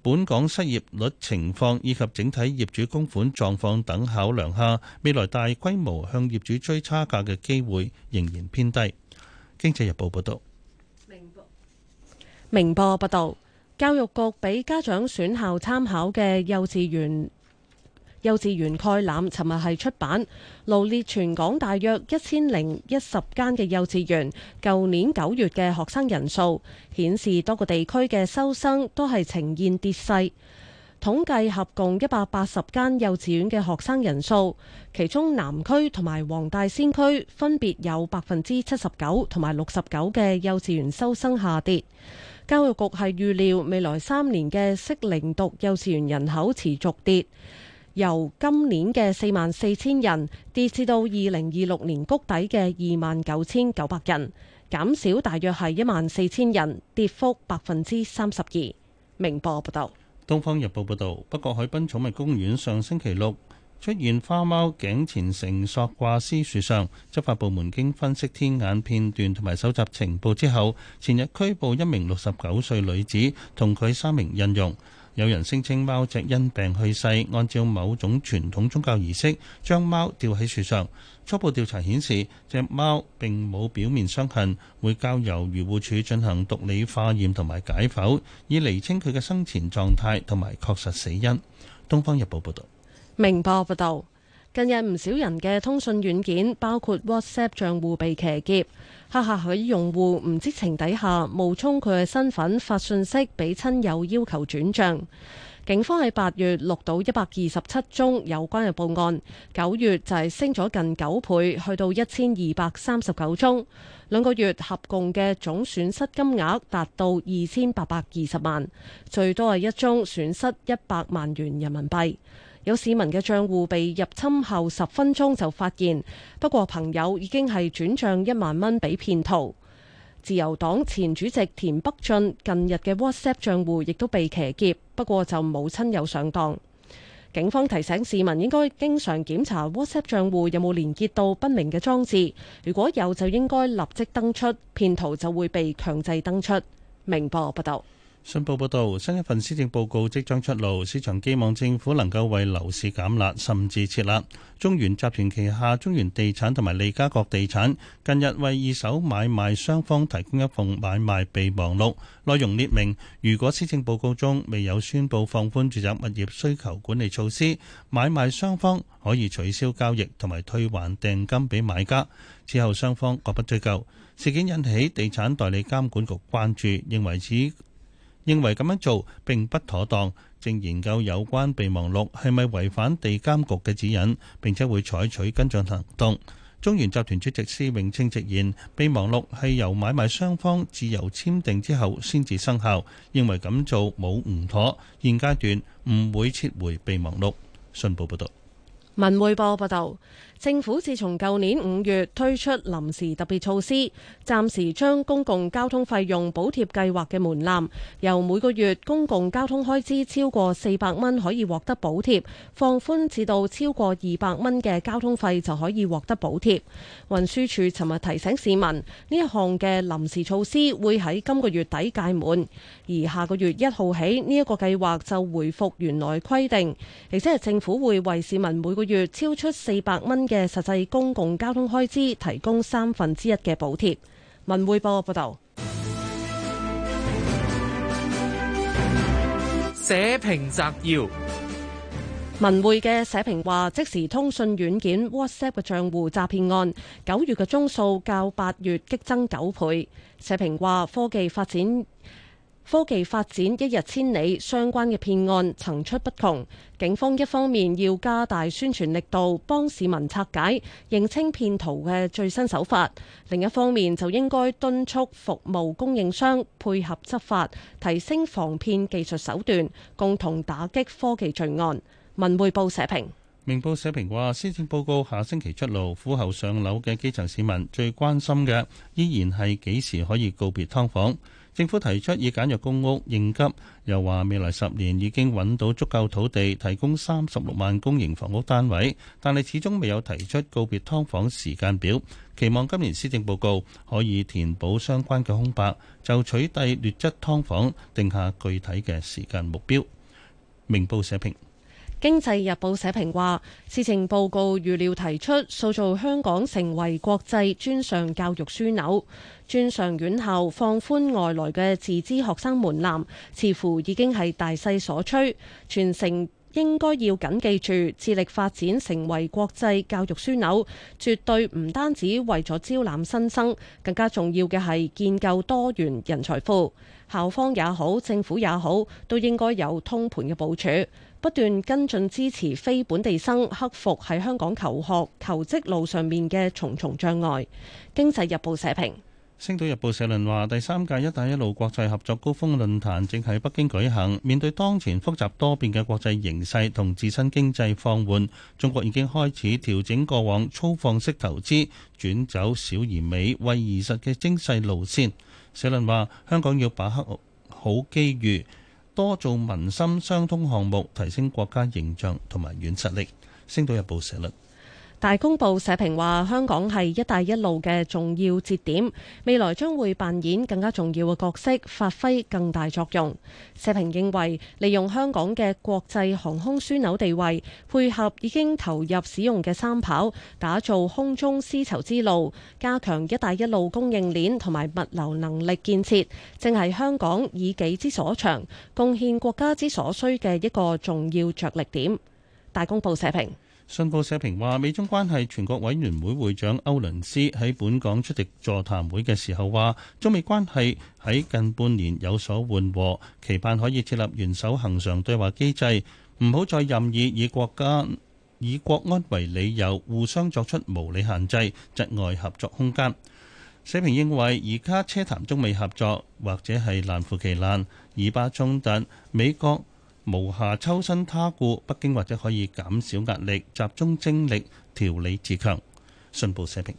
本港失業率情況以及整體業主供款狀況等考量下，未來大規模向業主追差價嘅機會仍然偏低。經濟日報報道：明報報明報，報道教育局俾家長選校參考嘅幼稚園。幼稚園概覽，尋日係出版，羅列全港大約一千零一十間嘅幼稚園。舊年九月嘅學生人數顯示，多個地區嘅收生都係呈現跌勢。統計合共一百八十間幼稚園嘅學生人數，其中南區同埋黃大仙區分別有百分之七十九同埋六十九嘅幼稚園收生下跌。教育局係預料未來三年嘅適齡讀幼稚園人口持續跌。由今年嘅四萬四千人跌至到二零二六年谷底嘅二萬九千九百人，減少大約係一萬四千人，跌幅百分之三十二。明報報道，東方日報報道，北角海濱寵物公園上星期六出現花貓頸前繩索掛屍樹上，執法部門經分析天眼片段同埋搜集情報之後，前日拘捕一名六十九歲女子同佢三名印傭。有人聲稱貓隻因病去世，按照某種傳統宗教儀式將貓吊喺樹上。初步調查顯示，隻貓並冇表面傷痕，會交由漁護署進行毒理化驗同埋解剖，以厘清佢嘅生前狀態同埋確實死因。東方日報報道。明報報道，近日唔少人嘅通訊軟件，包括 WhatsApp 賬戶被騎劫。黑客喺用戶唔知情底下冒充佢嘅身份發信息俾親友，要求轉賬。警方喺八月錄到一百二十七宗有關嘅報案，九月就係升咗近九倍，去到一千二百三十九宗。兩個月合共嘅總損失金額達到二千八百二十萬，最多係一宗損失一百萬元人民幣。有市民嘅賬戶被入侵後十分鐘就發現，不過朋友已經係轉賬一萬蚊俾騙徒。自由黨前主席田北俊近日嘅 WhatsApp 賬戶亦都被騎劫，不過就冇親友上當。警方提醒市民應該經常檢查 WhatsApp 賬戶有冇連結到不明嘅裝置，如果有就應該立即登出，騙徒就會被強制登出。明報報道。信報報道，新一份施政報告即將出爐，市場寄望政府能夠為樓市減辣甚至撤辣。中原集團旗下中原地產同埋利嘉閣地產近日為二手買賣雙方提供一份買賣備忘錄，內容列明，如果施政報告中未有宣布放寬住宅物業需求管理措施，買賣雙方可以取消交易同埋退還訂金俾買家，此後雙方各不追究。事件引起地產代理監管局關注，認為此。認為咁樣做並不妥當，正研究有關備忘錄係咪違反地監局嘅指引，並且會採取跟進行動。中原集團主席施永青直言，備忘錄係由買賣雙方自由簽訂之後先至生效，認為咁做冇唔妥，現階段唔會撤回備忘錄。信報報道，文匯報報道。政府自從舊年五月推出臨時特別措施，暫時將公共交通費用補貼計劃嘅門檻由每個月公共交通開支超過四百蚊可以獲得補貼，放寬至到超過二百蚊嘅交通費就可以獲得補貼。運輸署尋日提醒市民，呢一項嘅臨時措施會喺今個月底屆滿，而下個月一號起，呢、這、一個計劃就回復原來規定，亦即係政府會為市民每個月超出四百蚊嘅實際公共交通開支提供三分之一嘅補貼。文匯報報道。社評摘要：文匯嘅社評話，即時通訊軟件 WhatsApp 嘅賬戶詐騙案，九月嘅宗數較八月激增九倍。社評話，科技發展。科技發展一日千里，相關嘅騙案層出不窮。警方一方面要加大宣傳力度，幫市民拆解、認清騙徒嘅最新手法；另一方面就應該敦促服務供應商配合執法，提升防騙技術手段，共同打擊科技罪案。文匯報社評，明報社評話：施政報告下星期出爐，苦候上樓嘅基層市民最關心嘅，依然係幾時可以告別劏房。政府提出以簡約公屋應急，又話未來十年已經揾到足夠土地提供三十六萬公營房屋單位，但係始終未有提出告別劏房時間表。期望今年施政報告可以填補相關嘅空白，就取締劣質劏房，定下具體嘅時間目標。明報社評。《經濟日報》社評話：施政報告預料提出塑造香港成為國際專上教育樞紐，專上院校放寬外來嘅自資學生門檻，似乎已經係大勢所趨。全城應該要謹記住，致力發展成為國際教育樞紐，絕對唔單止為咗招攬新生，更加重要嘅係建構多元人才庫。校方也好，政府也好，都應該有通盤嘅部署。不斷跟進，支持非本地生克服喺香港求學求職路上面嘅重重障礙。經濟日報社評。星島日報社論話，第三屆“一帶一路”國際合作高峰論壇正喺北京舉行。面對當前複雜多變嘅國際形勢同自身經濟放緩，中國已經開始調整過往粗放式投資，轉走小而美、為務實嘅精細路線。社論話，香港要把握好機遇。多做民心相通項目，提升國家形象同埋軟實力。星島日報社論。大公報社評話：香港係一帶一路嘅重要節點，未來將會扮演更加重要嘅角色，發揮更大作用。社評認為，利用香港嘅國際航空樞紐地位，配合已經投入使用嘅三跑，打造空中絲綢之路，加強一帶一路供應鏈同埋物流能力建設，正係香港以己之所長，貢獻國家之所需嘅一個重要着力點。大公報社評。信報社評話，美中關係全國委員會會長歐倫斯喺本港出席座談會嘅時候話，中美關係喺近半年有所緩和，期盼可以設立元首恒常對話機制，唔好再任意以國家以國安為理由互相作出無理限制，窒礙合作空間。社評認為，而家車談中美合作或者係難乎其難，以巴衝突美國無暇抽身他顧，北京或者可以減少壓力，集中精力調理自強。信報社評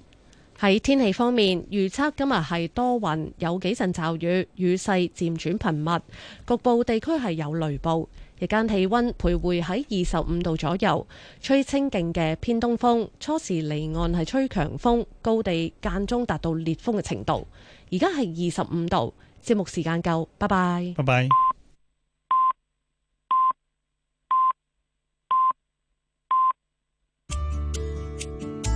喺天氣方面預測，今日係多雲，有幾陣驟雨，雨勢漸轉頻密，局部地區係有雷暴。日間氣溫徘徊喺二十五度左右，吹清勁嘅偏東風，初時離岸係吹強風，高地間中達到烈風嘅程度。而家係二十五度，節目時間夠，拜拜，拜拜。